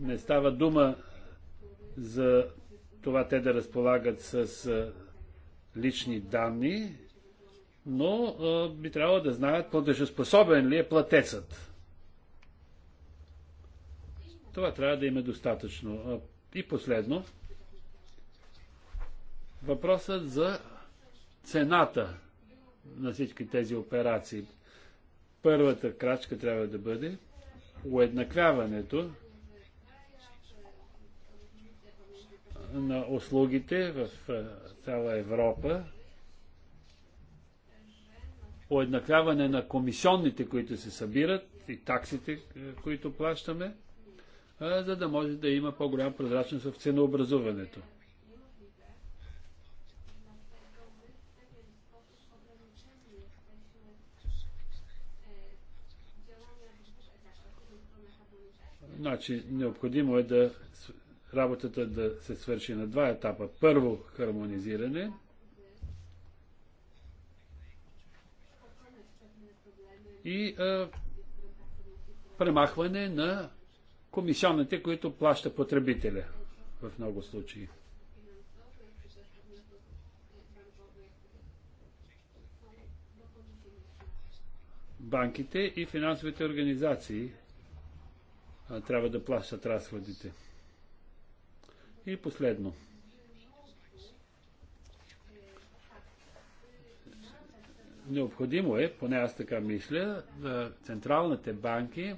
Не става дума за това те да разполагат с лични данни, но би трябвало да знаят платежоспособен ли е платецът. Това трябва да има достатъчно. И последно, въпросът за цената на всички тези операции. Първата крачка трябва да бъде уеднаквяването на услугите в цяла Европа, уеднаквяване на комисионните, които се събират и таксите, които плащаме, за да може да има по-голяма прозрачност в ценообразуването. Значи, необходимо е да работата да се свърши на два етапа. Първо, хармонизиране. И а, премахване на комисионните, които плаща потребителя в много случаи. Банките и финансовите организации трябва да плащат разходите. И последно. Необходимо е, поне аз така мисля, на централните банки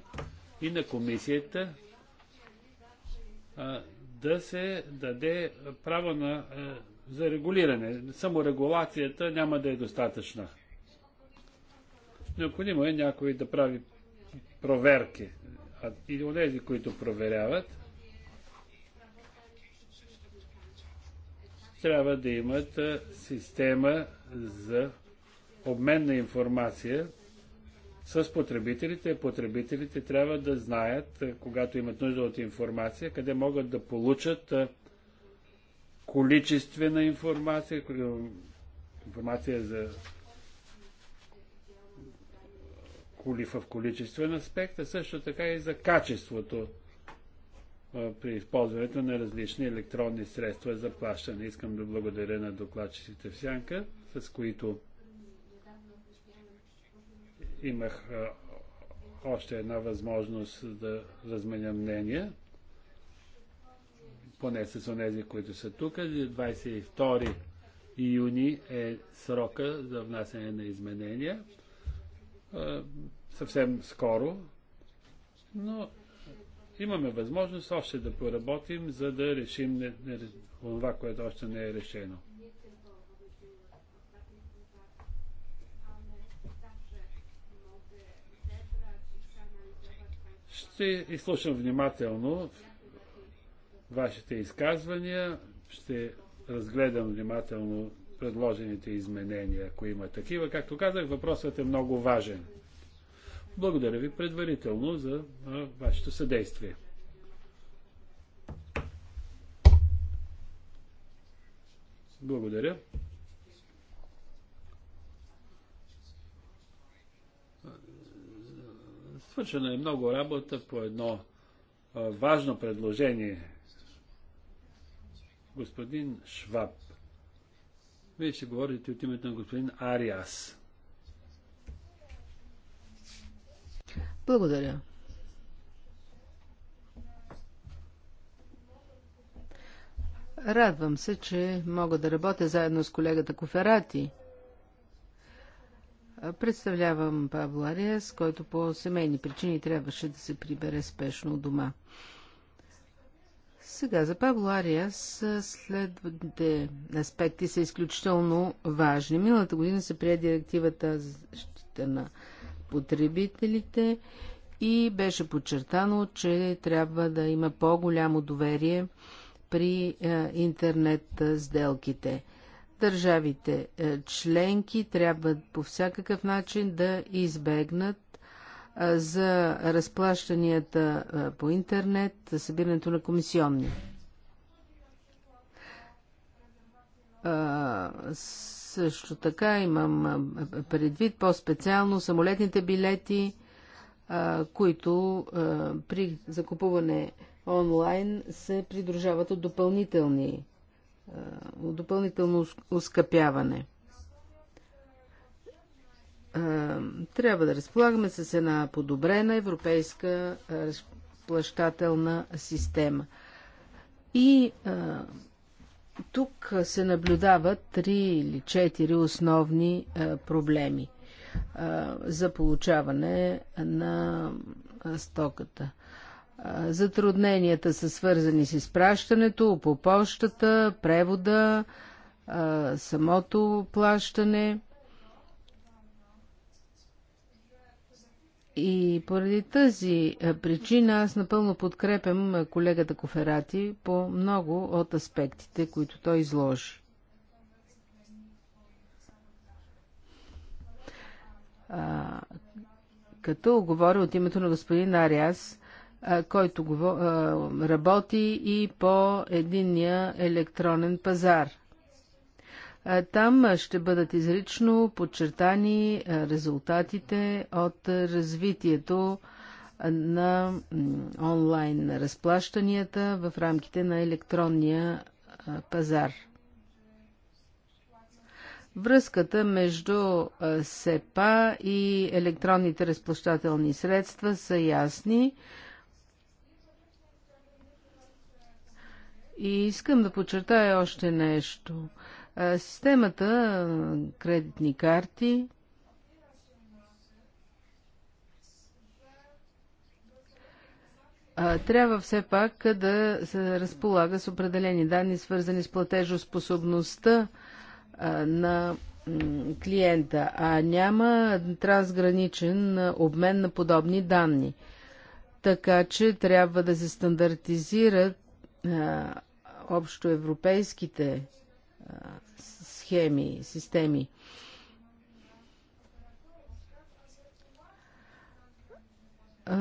и на комисията да се даде право на, за регулиране. Саморегулацията няма да е достатъчна. Необходимо е някой да прави проверки и и онези, които проверяват, трябва да имат система за обмен на информация с потребителите. Потребителите трябва да знаят, когато имат нужда от информация, къде могат да получат количествена информация, информация за коли в количествен аспект, а също така и за качеството при използването на различни електронни средства за плащане. Искам да благодаря на докладчиците в Сянка, с които имах още една възможност да разменя мнения, поне с онези, които са тук. 22 юни е срока за внасяне на изменения съвсем скоро, но имаме възможност още да поработим, за да решим това, което още не е решено. Ще изслушам внимателно вашите изказвания, ще разгледам внимателно предложените изменения, ако има такива. Както казах, въпросът е много важен. Благодаря ви предварително за вашето съдействие. Благодаря. Свършена е много работа по едно важно предложение. Господин Шваб. Вие ще говорите от името на господин Ариас. Благодаря. Радвам се, че мога да работя заедно с колегата Коферати. Представлявам Павло Ариас, който по семейни причини трябваше да се прибере спешно от дома. Сега за Павло Ариас следвате аспекти са изключително важни. Миналата година се прие директивата за защита на потребителите и беше подчертано, че трябва да има по-голямо доверие при е, интернет сделките. Държавите е, членки трябва по всякакъв начин да избегнат за разплащанията по интернет, събирането на комисионни. Също така имам предвид по-специално самолетните билети, които при закупуване онлайн се придружават от допълнителни, от допълнително ускъпяване. Е, трябва да разполагаме с една подобрена европейска е, разплащателна система. И а, е, тук се наблюдават три или четири основни а, проблеми а, за получаване на стоката. затрудненията са свързани с изпращането по почтата, превода, самото плащане – И поради тази е, причина аз напълно подкрепям е, колегата Коферати по много от аспектите, които той изложи. като говоря от името на господин Ариас, който работи и по единния електронен пазар – там ще бъдат изрично подчертани резултатите от развитието на онлайн разплащанията в рамките на електронния пазар. Връзката между СЕПА и електронните разплащателни средства са ясни. И искам да подчертая още нещо – Системата кредитни карти трябва все пак да се разполага с определени данни, свързани с платежоспособността на клиента, а няма трансграничен обмен на подобни данни. Така че трябва да се стандартизират общоевропейските схеми, системи.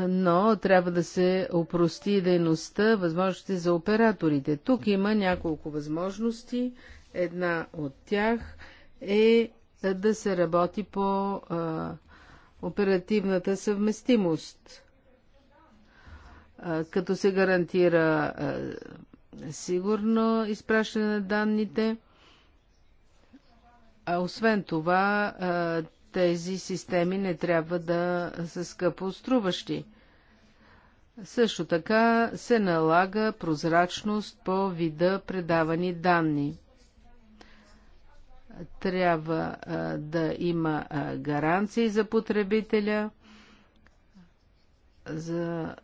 но трябва да се опрости дейността, възможности за операторите. Тук има няколко възможности. Една от тях е да се работи по а, оперативната съвместимост, а, като се гарантира а, сигурно изпращане на данните – а освен това, тези системи не трябва да са скъпо струващи. Също така се налага прозрачност по вида предавани данни. Трябва да има гаранции за потребителя, за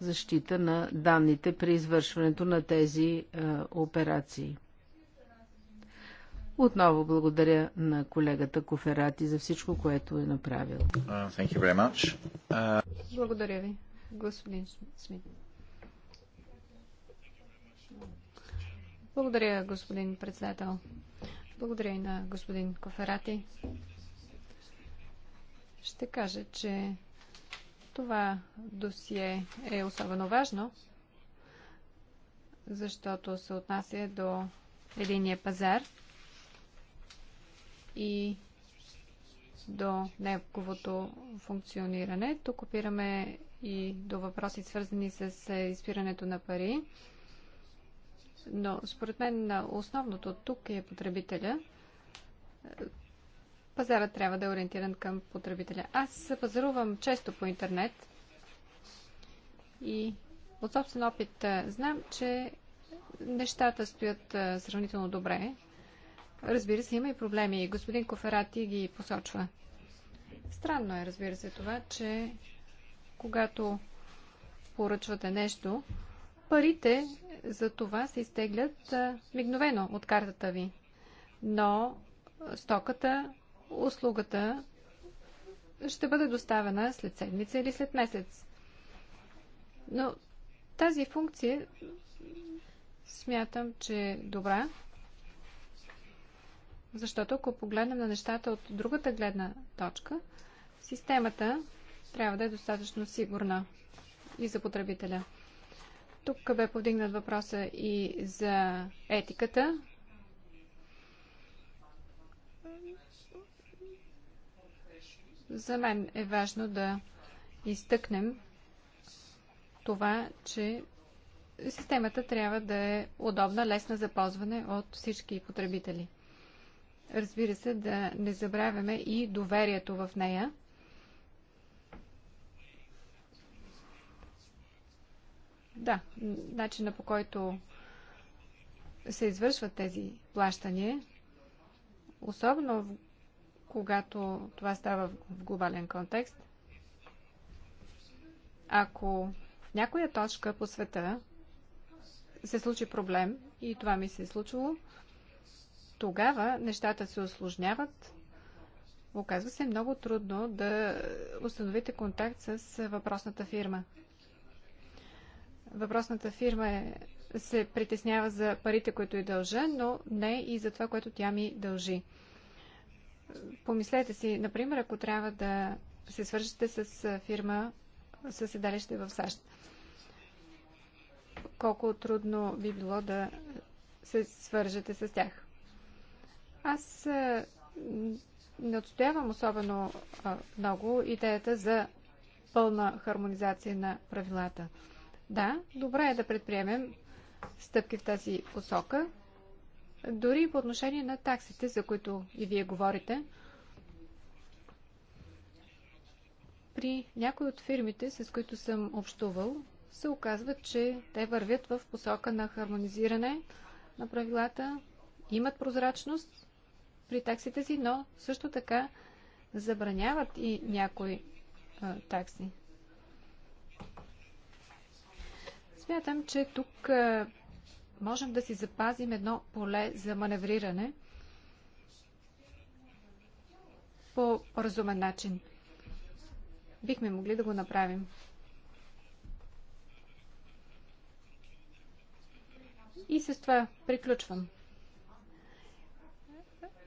защита на данните при извършването на тези операции. Отново благодаря на колегата Коферати за всичко, което е направил. Uh, uh... Благодаря ви, господин Смит. Благодаря, господин председател. Благодаря и на господин Коферати. Ще кажа, че това досие е особено важно, защото се отнася до единия пазар – и до неговото функциониране. Тук опираме и до въпроси свързани с изпирането на пари. Но според мен основното тук е потребителя. Пазарът трябва да е ориентиран към потребителя. Аз пазарувам често по интернет и от собствен опит знам, че нещата стоят сравнително добре Разбира се, има и проблеми. Господин Коферати ги посочва. Странно е, разбира се, това, че когато поръчвате нещо, парите за това се изтеглят мигновено от картата ви. Но стоката, услугата ще бъде доставена след седмица или след месец. Но тази функция смятам, че е добра. Защото ако погледнем на нещата от другата гледна точка, системата трябва да е достатъчно сигурна и за потребителя. Тук бе повдигнат въпроса и за етиката. За мен е важно да изтъкнем това, че системата трябва да е удобна, лесна за ползване от всички потребители разбира се, да не забравяме и доверието в нея. Да, начина по който се извършват тези плащания, особено когато това става в глобален контекст, ако в някоя точка по света се случи проблем, и това ми се е случило, тогава нещата се осложняват. Оказва се много трудно да установите контакт с въпросната фирма. Въпросната фирма е, се притеснява за парите, които й дължа, но не и за това, което тя ми дължи. Помислете си, например, ако трябва да се свържете с фирма със седалище в САЩ. Колко трудно би било да се свържете с тях. Аз не отстоявам особено много идеята за пълна хармонизация на правилата. Да, добре е да предприемем стъпки в тази посока, дори по отношение на таксите, за които и вие говорите. При някои от фирмите, с които съм общувал, се оказва, че те вървят в посока на хармонизиране на правилата, имат прозрачност при таксите си, но също така забраняват и някои а, такси. Смятам, че тук а, можем да си запазим едно поле за маневриране по разумен начин. Бихме могли да го направим. И с това приключвам.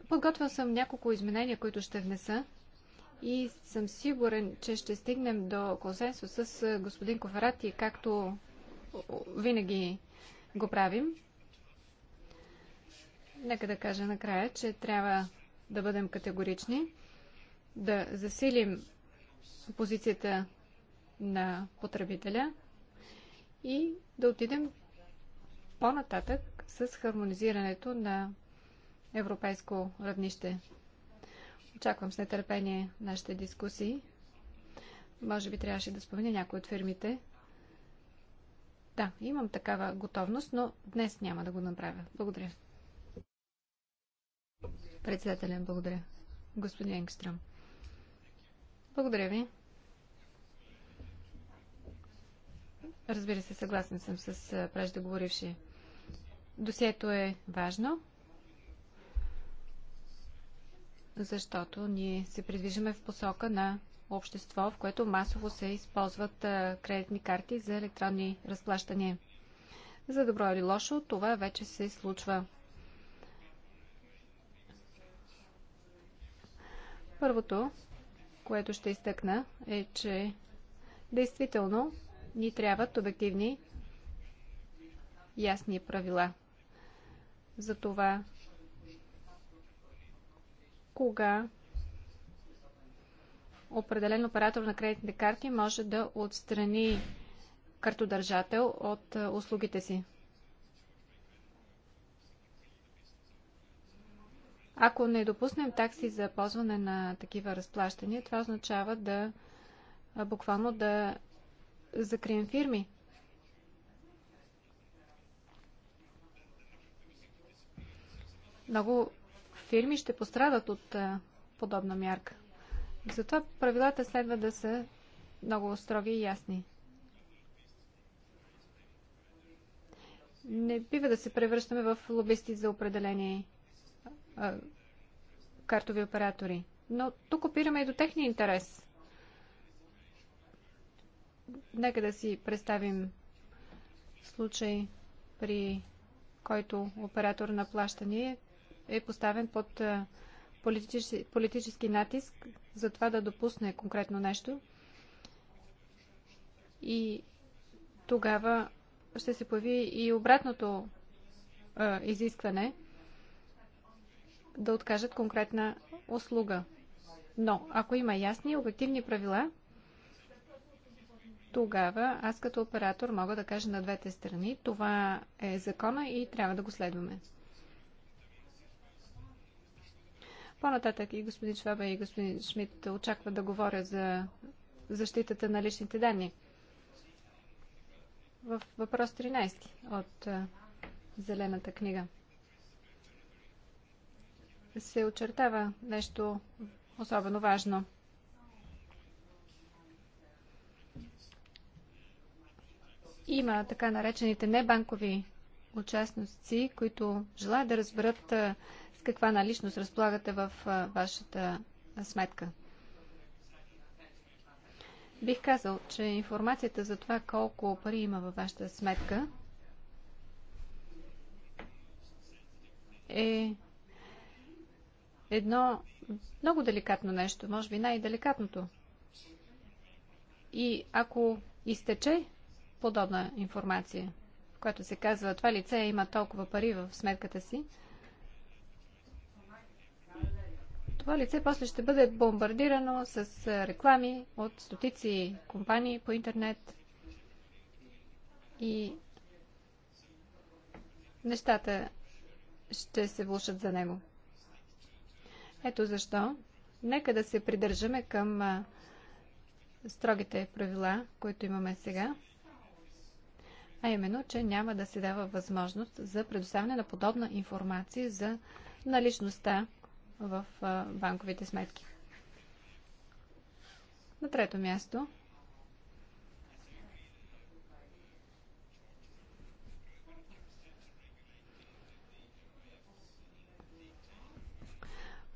Подготвил съм няколко изменения, които ще внеса и съм сигурен, че ще стигнем до консенсус с господин Коферати, както винаги го правим. Нека да кажа накрая, че трябва да бъдем категорични, да засилим позицията на потребителя и да отидем по-нататък с хармонизирането на европейско равнище. Очаквам с нетърпение нашите дискусии. Може би трябваше да спомня някои от фирмите. Да, имам такава готовност, но днес няма да го направя. Благодаря. Председателен, благодаря. Господин Енгстрам. Благодаря ви. Разбира се, съгласен съм с преждеговоривши. Досието е важно защото ние се придвижваме в посока на общество, в което масово се използват кредитни карти за електронни разплащания. За добро или лошо, това вече се случва. Първото, което ще изтъкна, е, че действително ни трябват обективни ясни правила за това кога определен оператор на кредитните карти може да отстрани картодържател от е, услугите си. Ако не допуснем такси за ползване на такива разплащания, това означава да е, буквално да закрием фирми. Много фирми ще пострадат от е, подобна мярка. Затова правилата следва да са много строги и ясни. Не бива да се превръщаме в лобисти за определени а, е, картови оператори. Но тук опираме и до техния интерес. Нека да си представим случай, при който оператор на плащане е поставен под политически, политически натиск за това да допусне конкретно нещо. И тогава ще се появи и обратното е, изискване да откажат конкретна услуга. Но ако има ясни обективни правила, тогава аз като оператор мога да кажа на двете страни, това е закона и трябва да го следваме. По-нататък и господин Шваба и господин Шмидт очаква да говоря за защитата на личните данни. В въпрос 13 от Зелената книга се очертава нещо особено важно. Има така наречените небанкови участници, които желаят да разберат каква наличност разполагате в вашата сметка? Бих казал, че информацията за това колко пари има във вашата сметка е едно много деликатно нещо, може би най-деликатното. И ако изтече подобна информация, в която се казва това лице има толкова пари в сметката си, това лице после ще бъде бомбардирано с е, реклами от стотици компании по интернет и нещата ще се влушат за него. Ето защо. Нека да се придържаме към е, строгите правила, които имаме сега, а именно, че няма да се дава възможност за предоставяне на подобна информация за наличността в банковите сметки. На трето място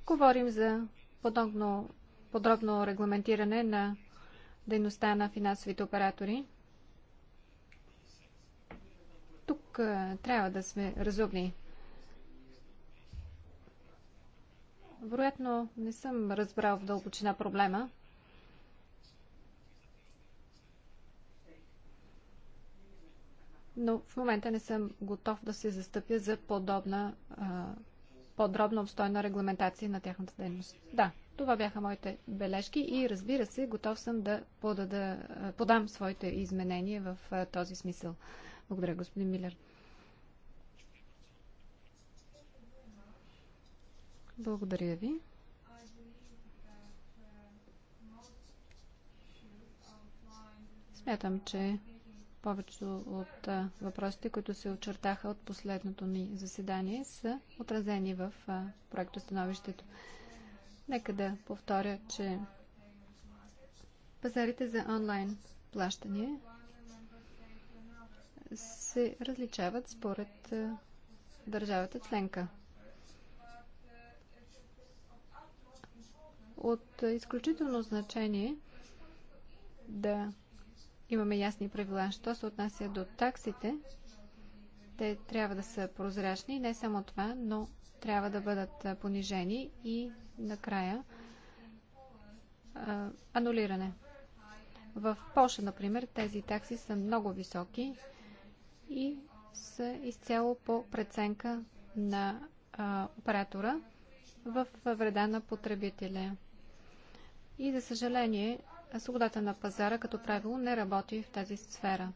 говорим за подобно, подробно регламентиране на дейността на финансовите оператори. Тук трябва да сме разумни. Вероятно не съм разбрал в дълбочина проблема. Но в момента не съм готов да се застъпя за подобна, подробна обстойна регламентация на тяхната дейност. Да, това бяха моите бележки и разбира се, готов съм да подада, подам своите изменения в този смисъл. Благодаря, господин Милер. Благодаря ви. Смятам, че повечето от въпросите, които се очертаха от последното ни заседание, са отразени в проектостановището. Нека да повторя, че пазарите за онлайн плащане. се различават според държавата членка. от изключително значение да имаме ясни правила. Що се отнася до таксите, те трябва да са прозрачни. Не само това, но трябва да бъдат понижени и накрая а, анулиране. В Польша, например, тези такси са много високи и са изцяло по преценка на а, оператора в вреда на потребителя. И за съжаление, свободата на пазара като правило не работи в тази сфера.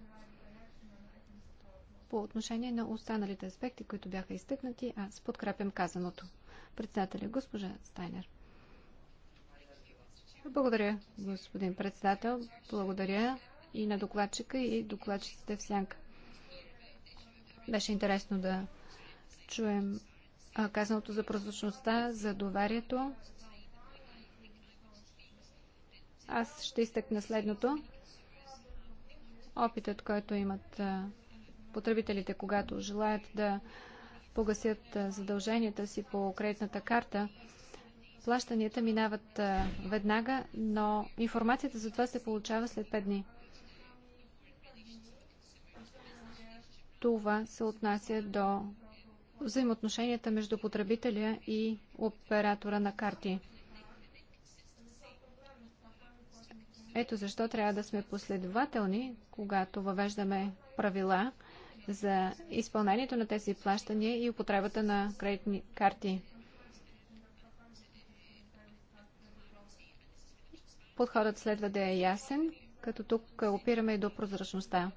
По отношение на останалите аспекти, които бяха изтъкнати, аз подкрепям казаното. Председателя госпожа Стайнер. Благодаря, господин председател. Благодаря и на докладчика и докладчиците в сянка. Беше интересно да чуем казаното за прозрачността, за доверието, аз ще изтъкна следното. Опитът, който имат потребителите, когато желаят да погасят задълженията си по кредитната карта, плащанията минават веднага, но информацията за това се получава след 5 дни. Това се отнася до взаимоотношенията между потребителя и оператора на карти. Ето защо трябва да сме последователни, когато въвеждаме правила за изпълнението на тези плащания и употребата на кредитни карти. Подходът следва да е ясен, като тук опираме и до прозрачността.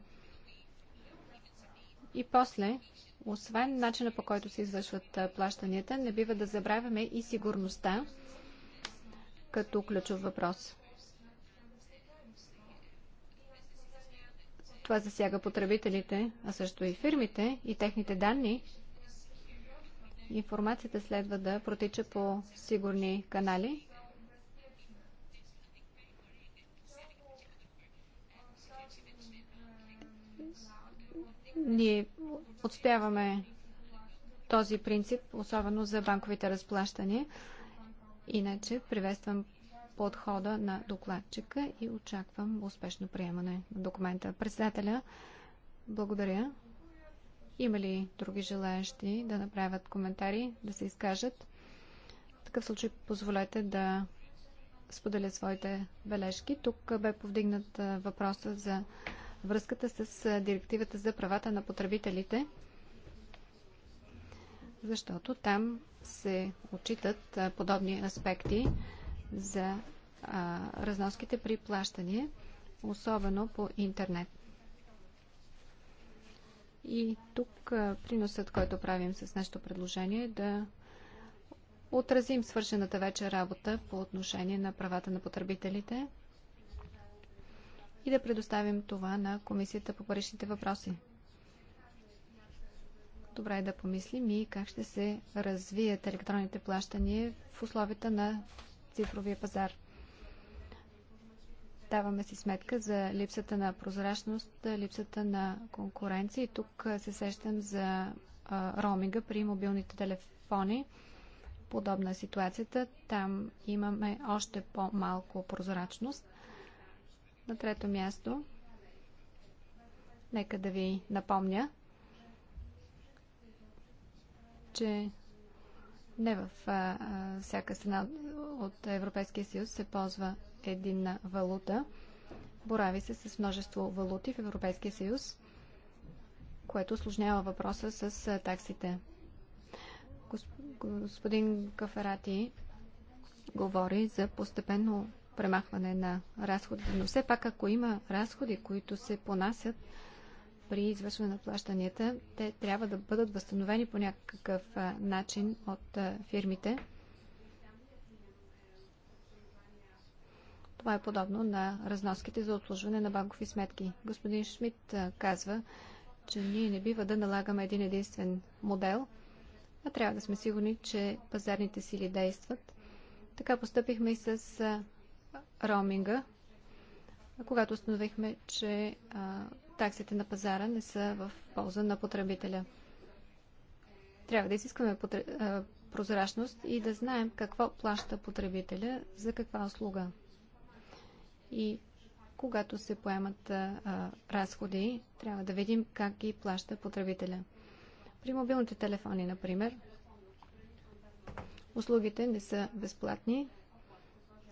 И после, освен начина по който се извършват плащанията, не бива да забравяме и сигурността като ключов въпрос. Това засяга потребителите, а също и фирмите и техните данни. Информацията следва да протича по сигурни канали. Ние отстояваме този принцип, особено за банковите разплащания. Иначе приветствам подхода на докладчика и очаквам успешно приемане на документа. Председателя, благодаря. Има ли други желаящи да направят коментари, да се изкажат? В такъв случай позволете да споделя своите бележки. Тук бе повдигнат въпроса за връзката с директивата за правата на потребителите, защото там се отчитат подобни аспекти за а, разноските при плащане, особено по интернет. И тук а, приносът, който правим с нашето предложение е да отразим свършената вече работа по отношение на правата на потребителите и да предоставим това на Комисията по паричните въпроси. Добре е да помислим и как ще се развият електронните плащания в условията на цифровия пазар. Даваме си сметка за липсата на прозрачност, липсата на конкуренция и тук се сещам за роуминга при мобилните телефони. Подобна е ситуацията. Там имаме още по-малко прозрачност. На трето място, нека да ви напомня, че не в всяка страна от Европейския съюз се ползва единна валута. Борави се с множество валути в Европейския съюз, което осложнява въпроса с таксите. Господин Кафарати говори за постепенно премахване на разходите, но все пак ако има разходи, които се понасят при извършване на плащанията, те трябва да бъдат възстановени по някакъв начин от фирмите. Това е подобно на разноските за обслужване на банкови сметки. Господин Шмидт казва, че ние не бива да налагаме един единствен модел, а трябва да сме сигурни, че пазарните сили действат. Така постъпихме и с роуминга, когато установихме, че таксите на пазара не са в полза на потребителя. Трябва да изискваме прозрачност и да знаем какво плаща потребителя за каква услуга. И когато се поемат а, разходи, трябва да видим как ги плаща потребителя. При мобилните телефони, например, услугите не са безплатни,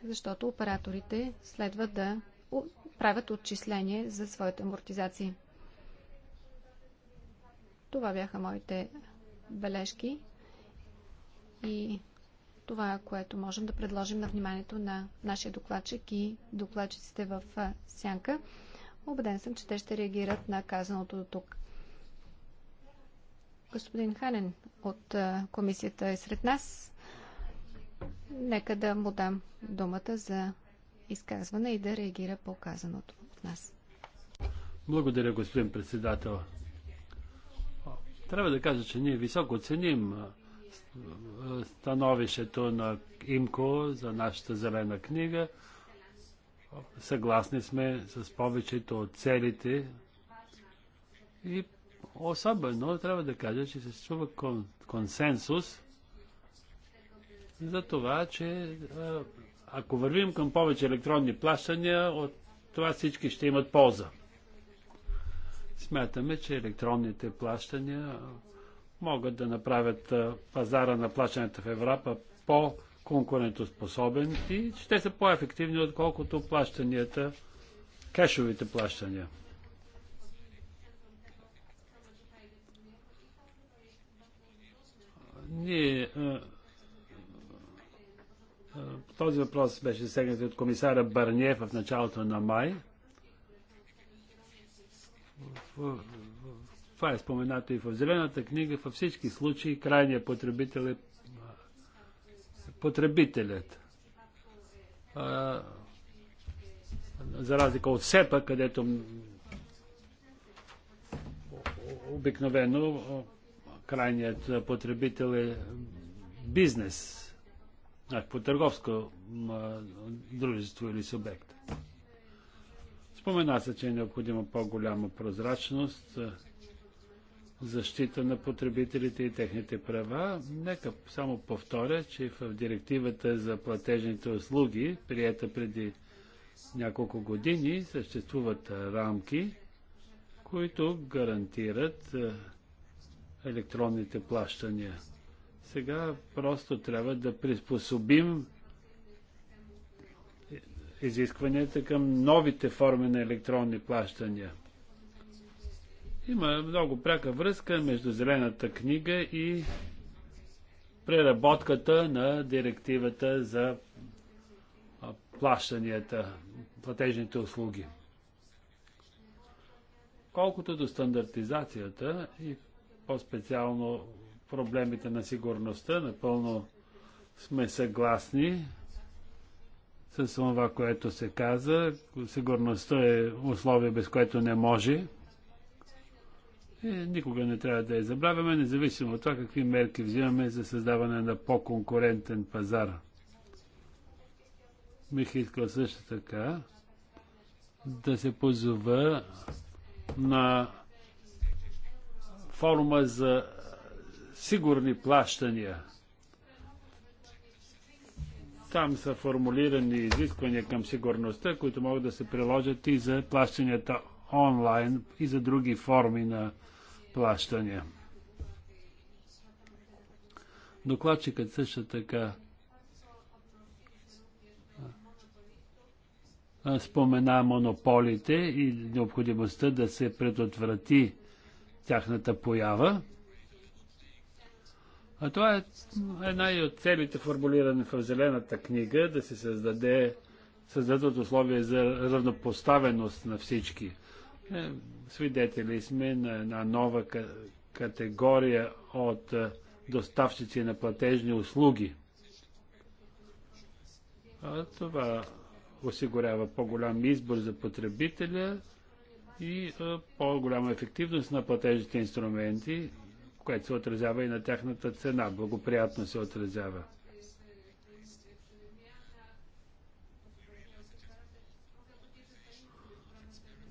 защото операторите следва да правят отчисление за своите амортизации. Това бяха моите бележки и това е което можем да предложим на вниманието на нашия докладчик и докладчиците в сянка. Обеден съм, че те ще реагират на казаното до тук. Господин Ханен от комисията е сред нас. Нека да му дам думата за изказване и да реагира по казаното от нас. Благодаря, господин председател. Трябва да кажа, че ние високо ценим становището на ИМКО за нашата зелена книга. Съгласни сме с повечето от целите и особено трябва да кажа, че се чува консенсус за това, че ако вървим към повече електронни плащания, от това всички ще имат полза. Смятаме, че електронните плащания могат да направят пазара на плащанията в Европа по-конкурентоспособен и ще са по-ефективни, отколкото плащанията, кешовите плащания. Ние този въпрос беше засегнат от комисара Барние в началото на май. Това е споменато и в Зелената книга. Във всички случаи крайният потребител е, е потребителят. за разлика от СЕПА, където обикновено крайният потребител е бизнес някакво значи, търговско дружество или субект. Спомена се, че е необходима по-голяма прозрачност, защита на потребителите и техните права. Нека само повторя, че в директивата за платежните услуги, приета преди няколко години, съществуват рамки, които гарантират електронните плащания. Сега просто трябва да приспособим изискванията към новите форми на електронни плащания. Има много пряка връзка между Зелената книга и преработката на директивата за плащанията, платежните услуги. Колкото до стандартизацията и по-специално проблемите на сигурността. Напълно сме съгласни с това, което се каза. Сигурността е условие, без което не може. И никога не трябва да я забравяме, независимо от това какви мерки взимаме за създаване на по-конкурентен пазар. Бих искал също така да се позова на форума за сигурни плащания. Там са формулирани изисквания към сигурността, които могат да се приложат и за плащанията онлайн и за други форми на плащания. Докладчикът също така спомена монополите и необходимостта да се предотврати тяхната поява. А това е една и от целите, формулирани в Зелената книга, да се създаде, създадат условия за равнопоставеност на всички. Е, свидетели сме на една нова категория от е, доставчици на платежни услуги. А това осигурява по-голям избор за потребителя и е, по-голяма ефективност на платежните инструменти което се отразява и на тяхната цена. Благоприятно се отразява.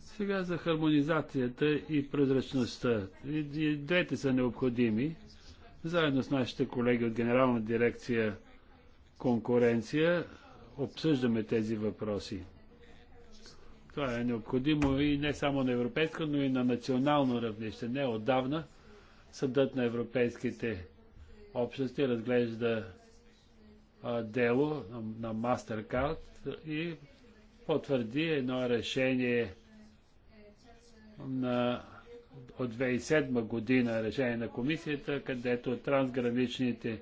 Сега за хармонизацията и прозрачността. И, и двете са необходими. Заедно с нашите колеги от Генерална дирекция конкуренция обсъждаме тези въпроси. Това е необходимо и не само на европейско, но и на национално равнище. Не отдавна Съдът на европейските общности разглежда а, дело на, на Mastercard и потвърди едно решение на, от 2007 година, решение на комисията, където трансграничните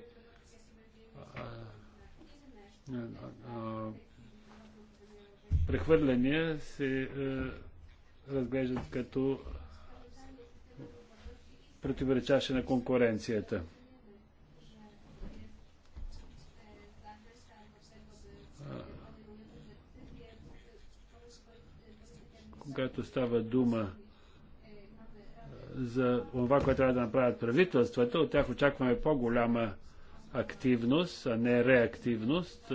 а, а, а, прехвърляния се разглеждат като противоречаше на конкуренцията. Когато става дума за това, което трябва да направят правителствата, от тях очакваме по-голяма активност, а не реактивност.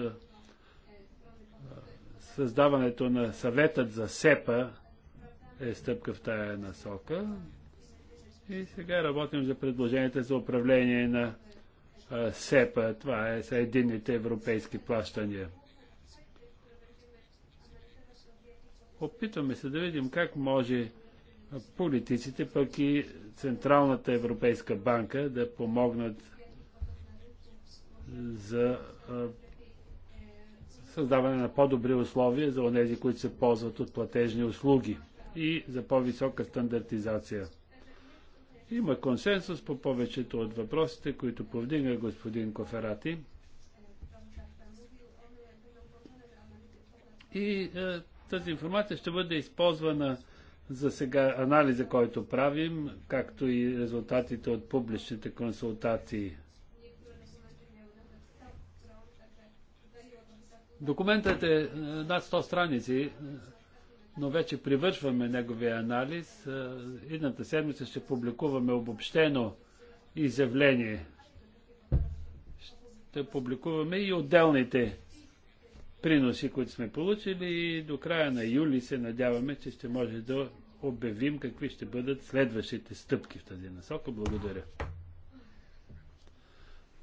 Създаването на съветът за СЕПА е стъпка в тая насока. И сега работим за предложенията за управление на СЕПА. Това е са единните европейски плащания. Опитваме се да видим как може политиците, пък и Централната Европейска банка да помогнат за създаване на по-добри условия за онези, които се ползват от платежни услуги и за по-висока стандартизация. Има консенсус по повечето от въпросите, които повдига господин Коферати. И е, тази информация ще бъде използвана за сега анализа, който правим, както и резултатите от публичните консултации. Документът е, е над 100 страници, но вече привършваме неговия анализ. Е, едната седмица ще публикуваме обобщено изявление. Ще публикуваме и отделните приноси, които сме получили и до края на юли се надяваме, че ще може да обявим какви ще бъдат следващите стъпки в тази насока. Благодаря.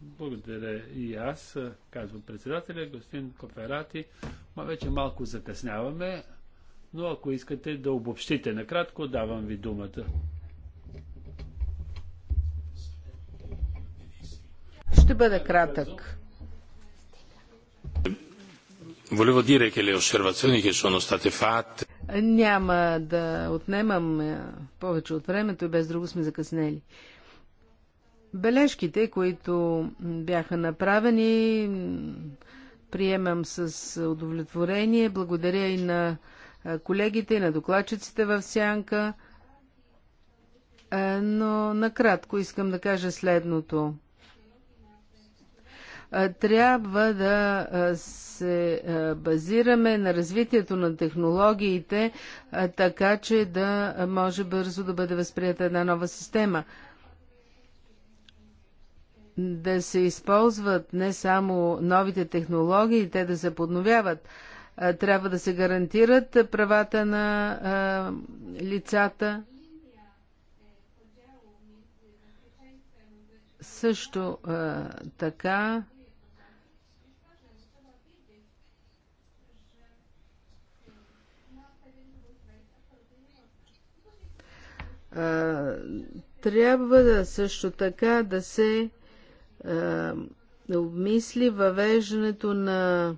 Благодаря и аз, казвам председателя, господин Коферати. Ма вече малко закъсняваме но ако искате да обобщите накратко, давам ви думата. Ще бъде кратък. Volevo dire che le osservazioni che sono state fatte няма да отнемам е, повече от времето и без друго сме закъснели. Бележките, които бяха направени, приемам с удовлетворение. Благодаря и на колегите и на докладчиците в Сянка, но накратко искам да кажа следното. Трябва да се базираме на развитието на технологиите, така че да може бързо да бъде възприята една нова система да се използват не само новите технологии, те да се подновяват. Трябва да се гарантират правата на лицата. Също така трябва да също така да се а, обмисли въвеждането на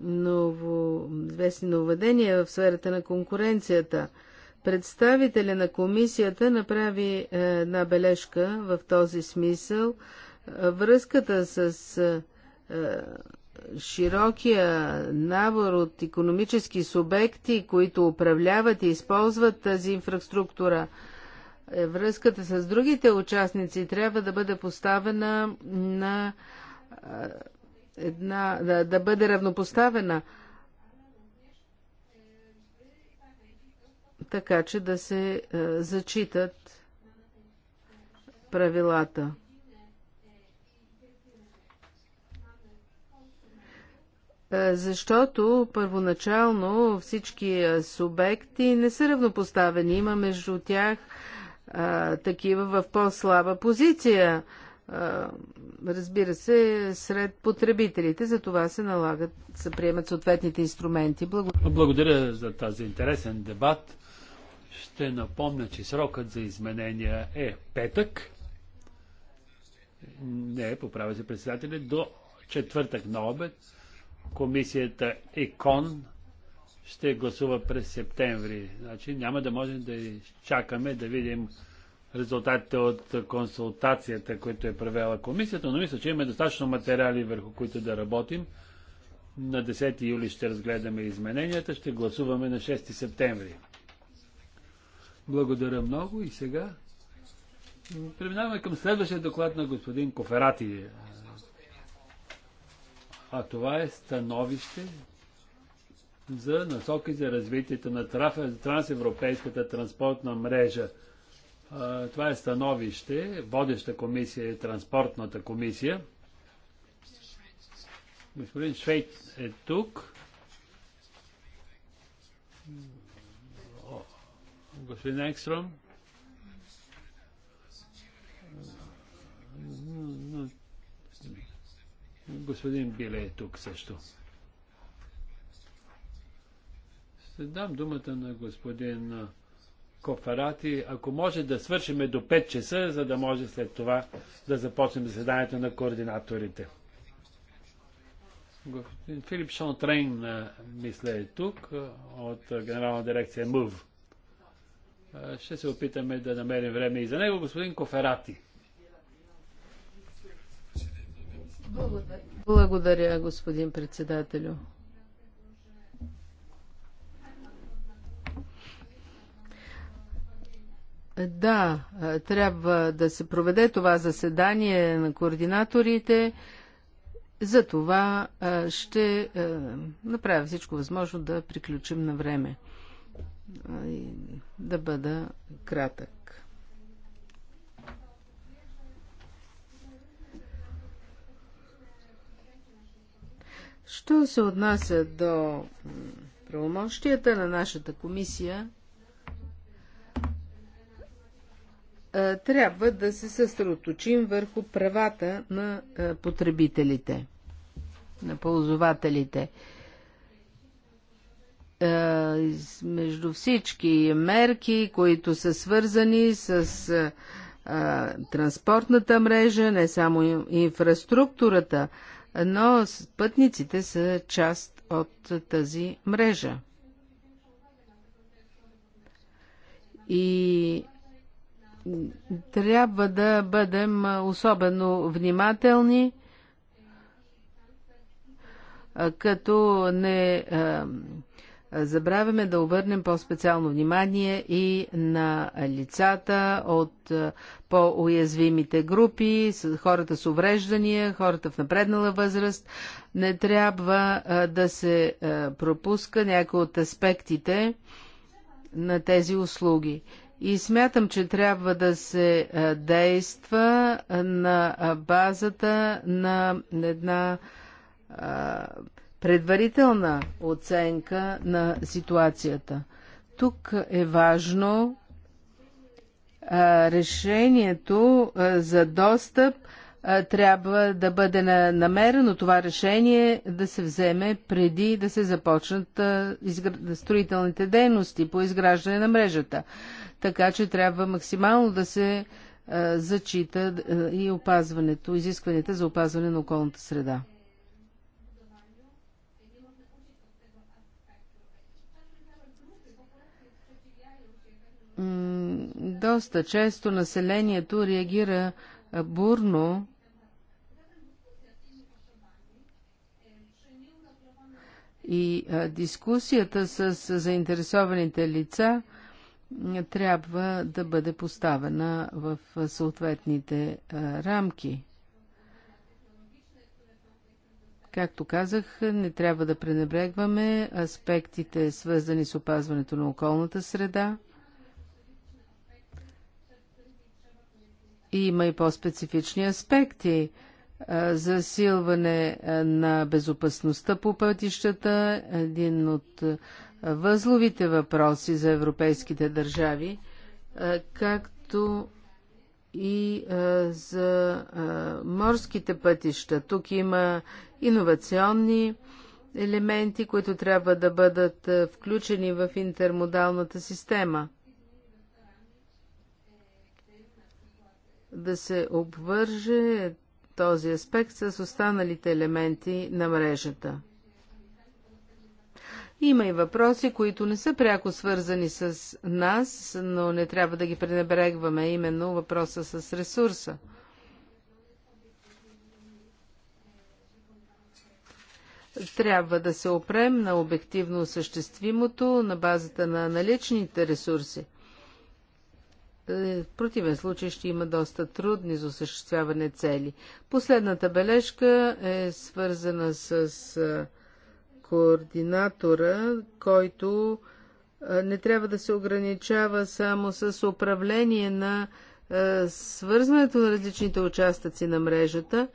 ново, известни нововведения в сферата на конкуренцията. Представителя на комисията направи е, една бележка в този смисъл. Връзката с е, широкия набор от економически субекти, които управляват и използват тази инфраструктура, е, връзката с другите участници трябва да бъде поставена на е, една, да, да бъде равнопоставена, така че да се е, зачитат правилата. Е, защото първоначално всички е, субекти не са равнопоставени. Има между тях а, е, такива в по-слаба позиция. А, разбира се, сред потребителите. За това се налагат, се приемат съответните инструменти. Благодаря. Благодаря за този интересен дебат. Ще напомня, че срокът за изменения е петък. Не, поправя се председателя, до четвъртък на обед. Комисията ЕКОН ще гласува през септември. Значи няма да можем да чакаме да видим резултатите от консултацията, които е превела комисията, но мисля, че имаме достатъчно материали, върху които да работим. На 10 юли ще разгледаме измененията, ще гласуваме на 6 септември. Благодаря много и сега преминаваме към следващия доклад на господин Коферати. А това е становище за насоки за развитието на трансевропейската транспортна мрежа – това е становище. Водеща комисия е транспортната комисия. Господин Швейт е тук. Господин Екстром. Господин Биле е тук също. Ще дам думата на господин Коферати, ако може да свършиме до 5 часа, за да може след това да започнем заседанието на координаторите. Господин Филип Шонтрейн, мисля, е тук от Генерална дирекция МУВ. Ще се опитаме да намерим време и за него. Господин Коферати. Благодаря, господин председателю. Да, трябва да се проведе това заседание на координаторите. За това ще направя всичко възможно да приключим на време. Да бъда кратък. Що се отнася до правомощията на нашата комисия, Е, трябва да се съсредоточим върху правата на е, потребителите, на ползвателите. Е, между всички мерки, които са свързани с транспортната мрежа, не само инфраструктурата, но пътниците са част от тази мрежа. И трябва да бъдем особено внимателни, като не забравяме да обърнем по-специално внимание и на лицата от по-уязвимите групи, хората с увреждания, хората в напреднала възраст. Не трябва да се пропуска някои от аспектите на тези услуги. И смятам, че трябва да се действа на базата на една предварителна оценка на ситуацията. Тук е важно решението за достъп трябва да бъде намерено това решение да се вземе преди да се започнат строителните дейности по изграждане на мрежата така че трябва максимално да се е, зачита е, и опазването, изискванията за опазване на околната среда. Доста често населението реагира е, бурно и дискусията с заинтересованите лица – трябва да бъде поставена в съответните е, рамки. Както казах, не трябва да пренебрегваме аспектите, свързани с опазването на околната среда. Има и по-специфични аспекти е, засилване е, на безопасността по пътищата, един от възловите въпроси за европейските държави, както и за морските пътища. Тук има иновационни елементи, които трябва да бъдат включени в интермодалната система. Да се обвърже този аспект с останалите елементи на мрежата. Има и въпроси, които не са пряко свързани с нас, но не трябва да ги пренебрегваме, именно въпроса с ресурса. Трябва да се опрем на обективно съществимото на базата на наличните ресурси. Е, в противен случай ще има доста трудни за осъществяване цели. Последната бележка е свързана с е, координатора, който не трябва да се ограничава само с управление на свързването на различните участъци на мрежата,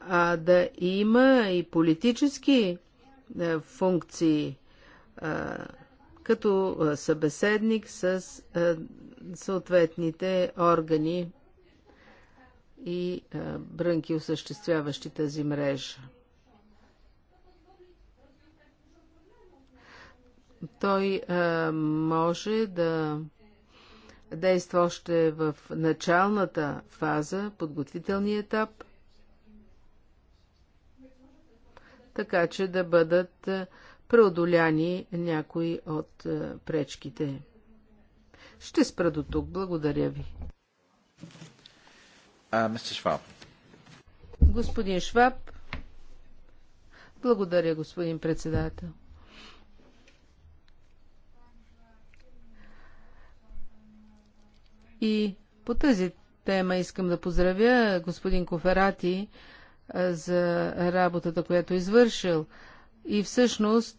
а да има и политически функции като събеседник с съответните органи и брънки, осъществяващи тази мрежа. Той а, е, може да действа още в началната фаза, подготвителния етап, така че да бъдат е, преодоляни някои от е, пречките. Ще спра до тук. Благодаря ви. Uh, Господин Шваб. Благодаря, господин председател. И по тази тема искам да поздравя господин Коферати за работата, която е извършил. И всъщност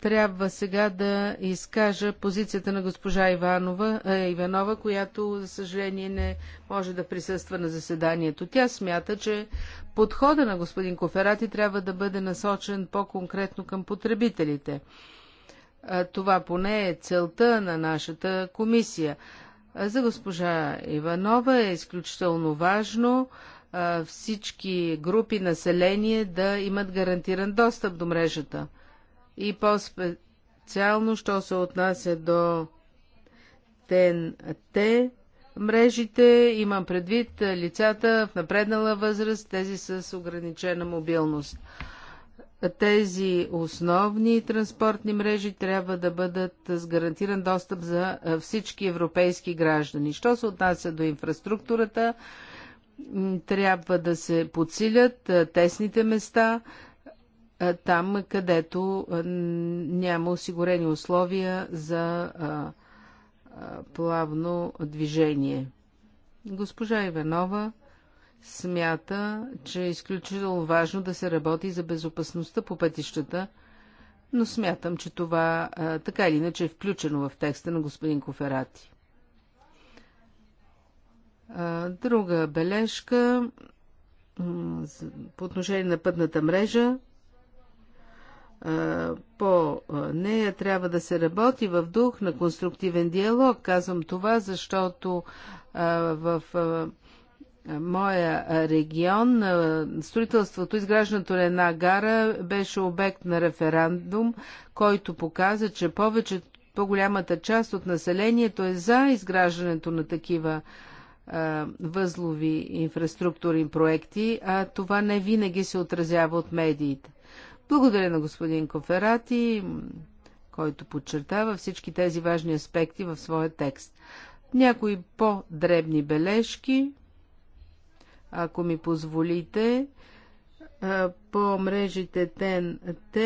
трябва сега да изкажа позицията на госпожа Иванова, е, Иванова, която, за съжаление, не може да присъства на заседанието. Тя смята, че подхода на господин Коферати трябва да бъде насочен по-конкретно към потребителите. Това поне е целта на нашата комисия. За госпожа Иванова е изключително важно всички групи население да имат гарантиран достъп до мрежата. И по-специално, що се отнася до ТНТ мрежите, имам предвид лицата в напреднала възраст, тези с ограничена мобилност тези основни транспортни мрежи трябва да бъдат с гарантиран достъп за всички европейски граждани. Що се отнася до инфраструктурата, трябва да се подсилят тесните места, там където няма осигурени условия за плавно движение. Госпожа Иванова смята, че е изключително важно да се работи за безопасността по пътищата, но смятам, че това а, така или иначе е включено в текста на господин Коферати. А, друга бележка по отношение на пътната мрежа. по нея трябва да се работи в дух на конструктивен диалог. Казвам това, защото в моя регион строителството, изграждането на една гара беше обект на референдум, който показа, че повече, по-голямата част от населението е за изграждането на такива възлови инфраструктурни проекти, а това не винаги се отразява от медиите. Благодаря на господин Коферати, който подчертава всички тези важни аспекти в своя текст. Някои по-дребни бележки ако ми позволите, по мрежите ТНТ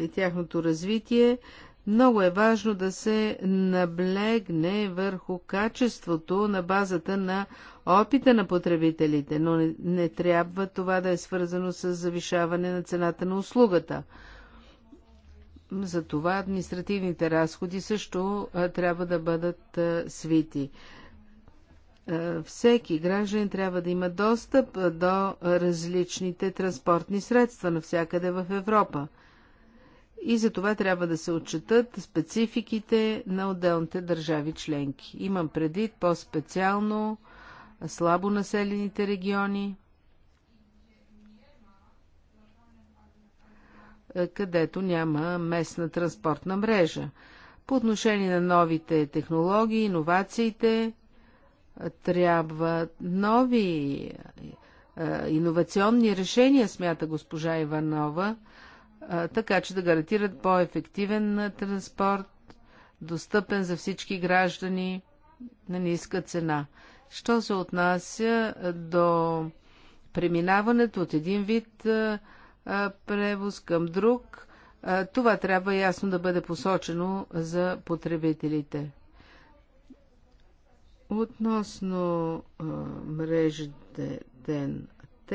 и тяхното развитие, много е важно да се наблегне върху качеството на базата на опита на потребителите, но не, не трябва това да е свързано с завишаване на цената на услугата. Затова административните разходи също а, трябва да бъдат а, свити. Е, всеки гражданин трябва да има достъп е, до е, различните транспортни средства навсякъде в Европа. И за това трябва да се отчетат спецификите на отделните държави членки. Имам предвид по-специално слабо населените региони, където няма местна транспортна мрежа. По отношение на новите технологии, иновациите, Трябват нови е, иновационни решения, смята госпожа Иванова, е, така че да гарантират по-ефективен е, транспорт, достъпен за всички граждани на ниска цена. Що се отнася до преминаването от един вид превоз към друг, това трябва ясно да бъде посочено за потребителите. Относно а, мрежите ТНТ,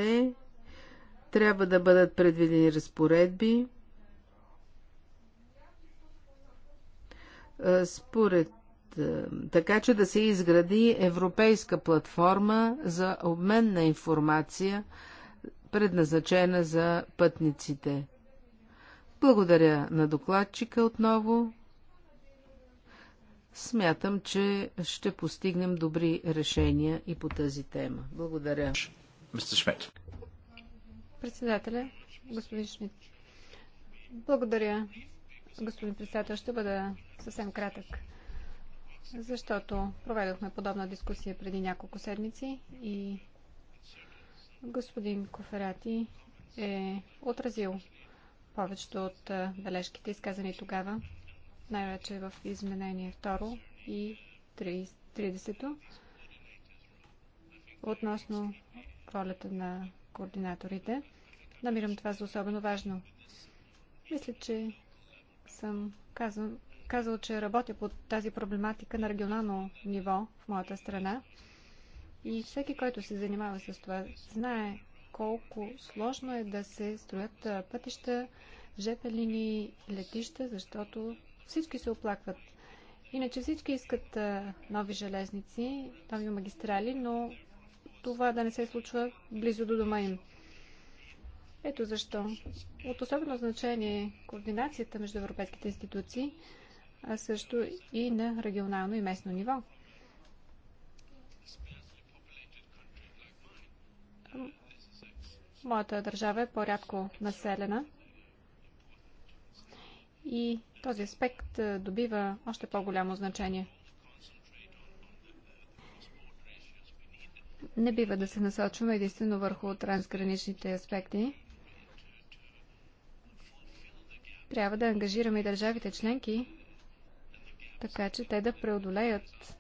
трябва да бъдат предвидени разпоредби, според така че да се изгради европейска платформа за обмен на информация, предназначена за пътниците. Благодаря на докладчика отново смятам, че ще постигнем добри решения и по тази тема. Благодаря. Мистер Шмидт. Председателя, господин Шмидт. Благодаря, господин председател. Ще бъда съвсем кратък, защото проведохме подобна дискусия преди няколко седмици и господин Коферати е отразил повечето от бележките, изказани тогава най-вече в изменение 2 и 30 относно ролята на координаторите. Намирам това за особено важно. Мисля, че съм казал, казал, че работя по тази проблематика на регионално ниво в моята страна. И всеки, който се занимава с това, знае колко сложно е да се строят пътища, жепелини, летища, защото всички се оплакват. Иначе всички искат нови железници, нови магистрали, но това да не се случва близо до дома им. Ето защо. От особено значение е координацията между европейските институции, а също и на регионално и местно ниво. Моята държава е по-рядко населена – и този аспект е, добива още по-голямо значение. Не бива да се насочваме единствено върху трансграничните аспекти. Трябва да ангажираме и държавите членки, така че те да преодолеят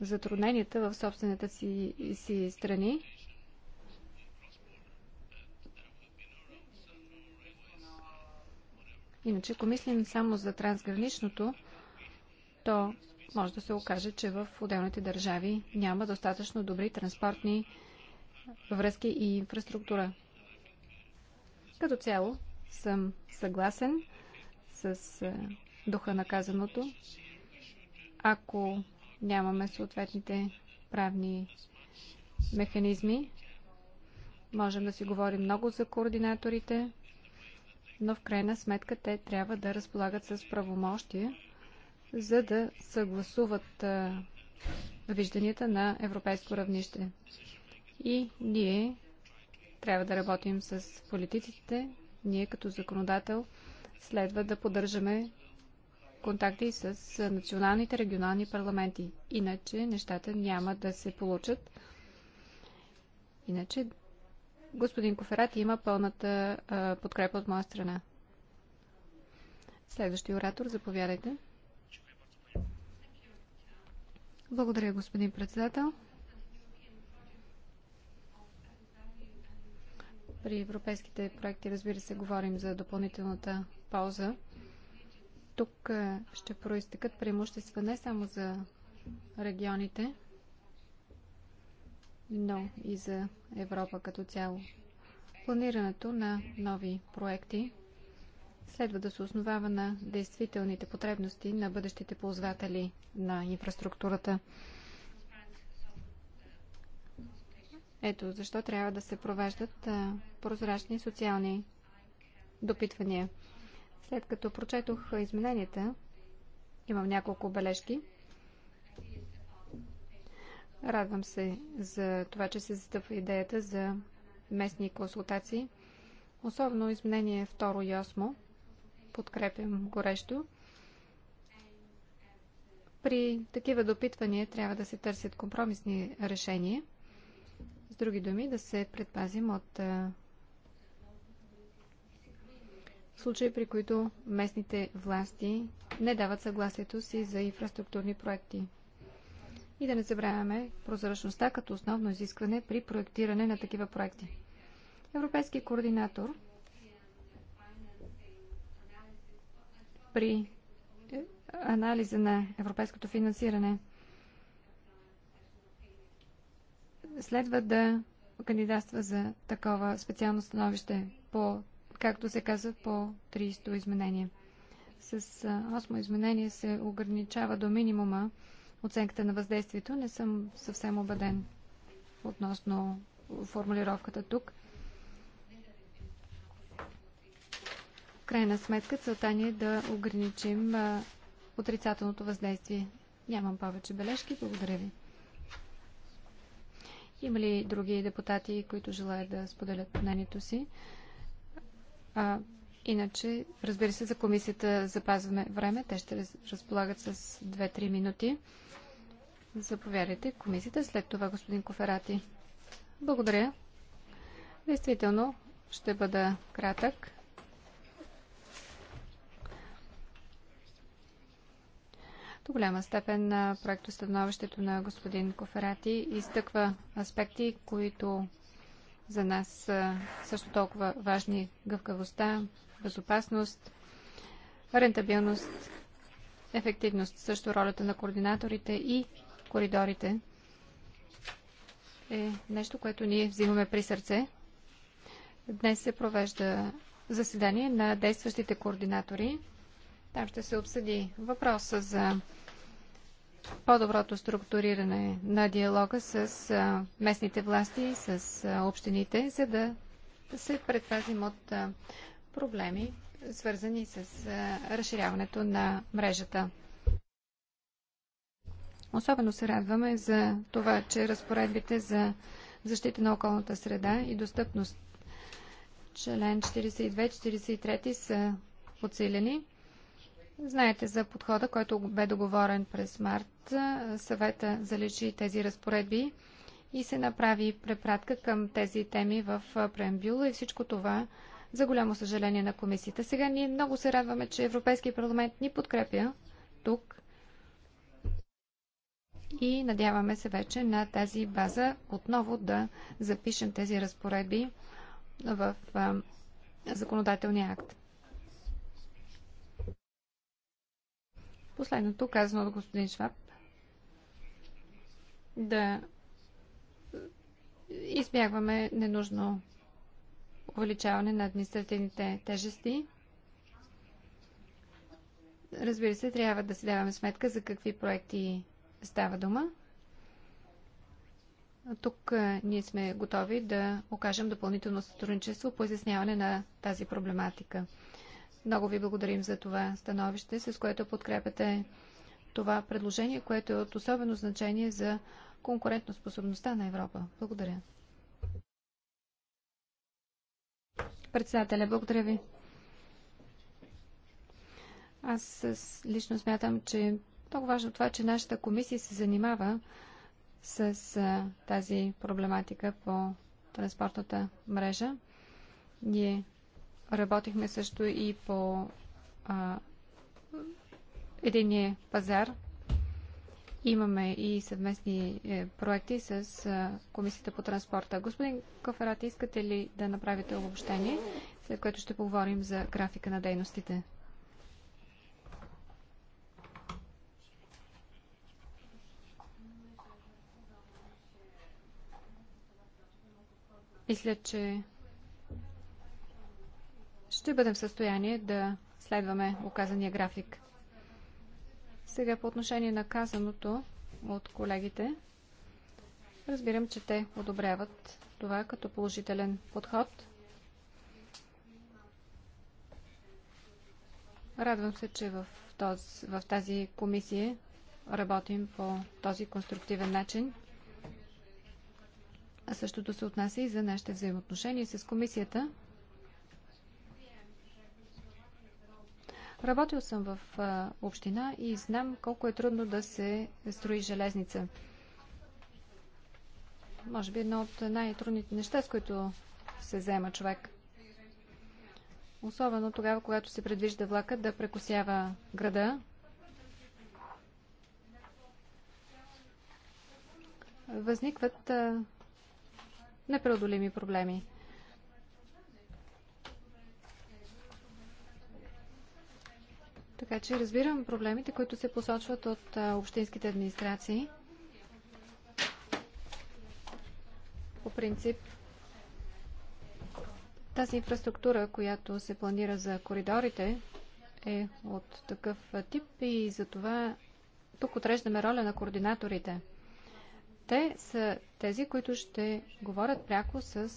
затрудненията в собствената си, си страни Иначе, ако мислим само за трансграничното, то може да се окаже, че в отделните държави няма достатъчно добри транспортни връзки и инфраструктура. Като цяло съм съгласен с е, духа на казаното. Ако нямаме съответните правни механизми, можем да си говорим много за координаторите, но в крайна сметка те трябва да разполагат с правомощие, за да съгласуват вижданията на европейско равнище. И ние трябва да работим с политиците, ние като законодател следва да поддържаме контакти с националните регионални парламенти. Иначе нещата няма да се получат. Иначе Господин Коферати има пълната а, подкрепа от моя страна. Следващия оратор, заповядайте. Благодаря, господин председател. При европейските проекти, разбира се, говорим за допълнителната полза. Тук ще проистекат преимущества не само за регионите, но и за Европа като цяло. Планирането на нови проекти следва да се основава на действителните потребности на бъдещите ползватели на инфраструктурата. Ето защо трябва да се провеждат прозрачни социални допитвания. След като прочетох измененията, имам няколко бележки. Радвам се за това, че се застъпва идеята за местни консултации. Особено изменение 2 и 8 подкрепям горещо. При такива допитвания трябва да се търсят компромисни решения. С други думи, да се предпазим от случаи, при които местните власти не дават съгласието си за инфраструктурни проекти и да не забравяме прозрачността като основно изискване при проектиране на такива проекти. Европейски координатор при е, анализа на европейското финансиране следва да кандидатства за такова специално становище по, както се казва, по 30 изменения. изменение. С 8 изменение се ограничава до минимума оценката на въздействието. Не съм съвсем убеден относно формулировката тук. В крайна сметка целта ни е да ограничим отрицателното въздействие. Нямам повече бележки. Благодаря ви. Има ли други депутати, които желаят да споделят мнението си? А, иначе, разбира се, за комисията запазваме време. Те ще разполагат с 2-3 минути. Заповядайте комисията, след това господин Коферати. Благодаря. Действително, ще бъда кратък. До голяма степен на проектостановището на господин Коферати изтъква аспекти, които за нас са също толкова важни гъвкавостта, безопасност, рентабилност, ефективност, също ролята на координаторите и коридорите е нещо, което ние взимаме при сърце. Днес се провежда заседание на действащите координатори. Там ще се обсъди въпроса за по-доброто структуриране на диалога с местните власти, с общините, за да се предпазим от проблеми, свързани с разширяването на мрежата. Особено се радваме за това, че разпоредбите за защита на околната среда и достъпност член 42-43 са подсилени. Знаете за подхода, който бе договорен през март. Съвета заличи тези разпоредби и се направи препратка към тези теми в преамбюла и всичко това за голямо съжаление на комисията. Сега ние много се радваме, че Европейския парламент ни подкрепя тук и надяваме се вече на тази база отново да запишем тези разпоредби в законодателния акт. Последното, казано от господин Шваб, да избягваме ненужно увеличаване на административните тежести. Разбира се, трябва да си даваме сметка за какви проекти става дума. Тук ние сме готови да окажем допълнително сътрудничество по изясняване на тази проблематика. Много ви благодарим за това становище, с което подкрепяте това предложение, което е от особено значение за конкурентоспособността на Европа. Благодаря. Председателя, благодаря ви. Аз лично смятам, че много важно това, че нашата комисия се занимава с тази проблематика по транспортната мрежа. Ние работихме също и по а, единия пазар. Имаме и съвместни е, проекти с а, Комисията по транспорта. Господин Коферат, искате ли да направите обобщение, след което ще поговорим за графика на дейностите? Мисля, че ще бъдем в състояние да следваме оказания график. Сега по отношение на казаното от колегите, разбирам, че те одобряват това като положителен подход. Радвам се, че в, този, в тази комисия работим по този конструктивен начин. А същото се отнася и за нашите взаимоотношения с комисията. Работил съм в община и знам колко е трудно да се строи железница. Може би едно от най-трудните неща, с които се взема човек. Особено тогава, когато се предвижда влакът да прекосява града. Възникват непреодолими проблеми. Така че разбирам проблемите, които се посочват от общинските администрации. По принцип, тази инфраструктура, която се планира за коридорите, е от такъв тип и затова тук отреждаме роля на координаторите – те са тези, които ще говорят пряко с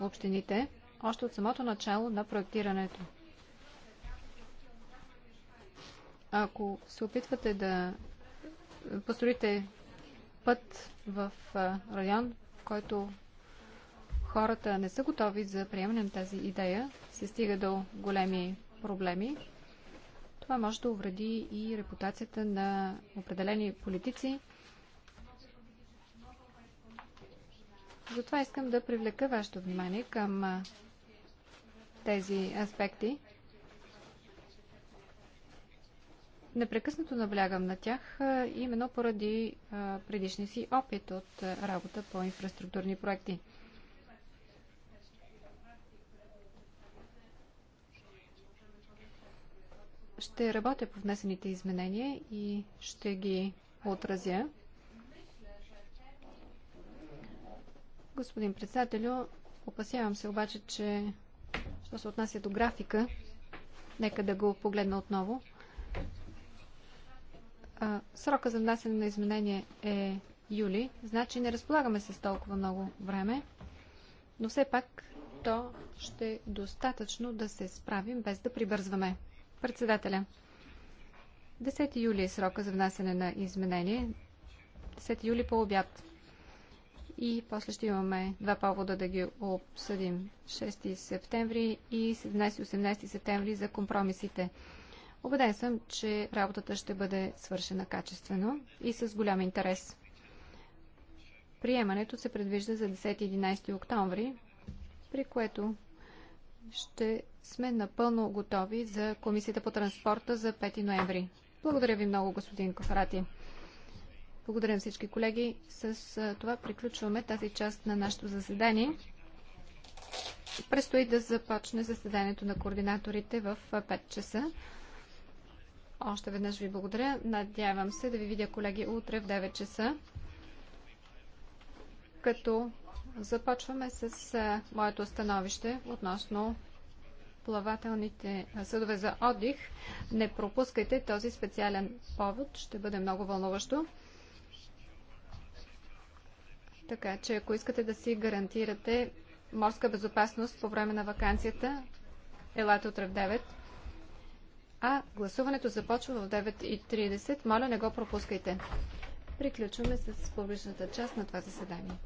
общините още от самото начало на проектирането. Ако се опитвате да построите път в район, в който хората не са готови за приемане на тази идея, се стига до големи проблеми. Това може да увреди и репутацията на определени политици Затова искам да привлека вашето внимание към тези аспекти. Непрекъснато наблягам на тях, именно поради предишния си опит от работа по инфраструктурни проекти. Ще работя по внесените изменения и ще ги отразя. Господин председателю, опасявам се обаче, че що се отнася до графика, нека да го погледна отново. Срока за внасяне на изменение е юли, значи не разполагаме с толкова много време, но все пак то ще е достатъчно да се справим без да прибързваме. Председателя. 10 юли е срока за внасяне на изменение. 10 юли по обяд и после ще имаме два повода да ги обсъдим 6 септември и 17-18 септември за компромисите. Обеден съм, че работата ще бъде свършена качествено и с голям интерес. Приемането се предвижда за 10-11 октомври, при което ще сме напълно готови за Комисията по транспорта за 5 ноември. Благодаря ви много, господин Кофарати. Благодаря всички колеги. С това приключваме тази част на нашето заседание. Предстои да започне заседанието на координаторите в 5 часа. Още веднъж ви благодаря. Надявам се да ви видя, колеги, утре в 9 часа. Като започваме с моето становище относно плавателните съдове за отдих. Не пропускайте този специален повод. Ще бъде много вълнуващо. Така че ако искате да си гарантирате морска безопасност по време на вакансията, елате утре в 9. А гласуването започва в 9.30. Моля, не го пропускайте. Приключваме с публичната част на това заседание.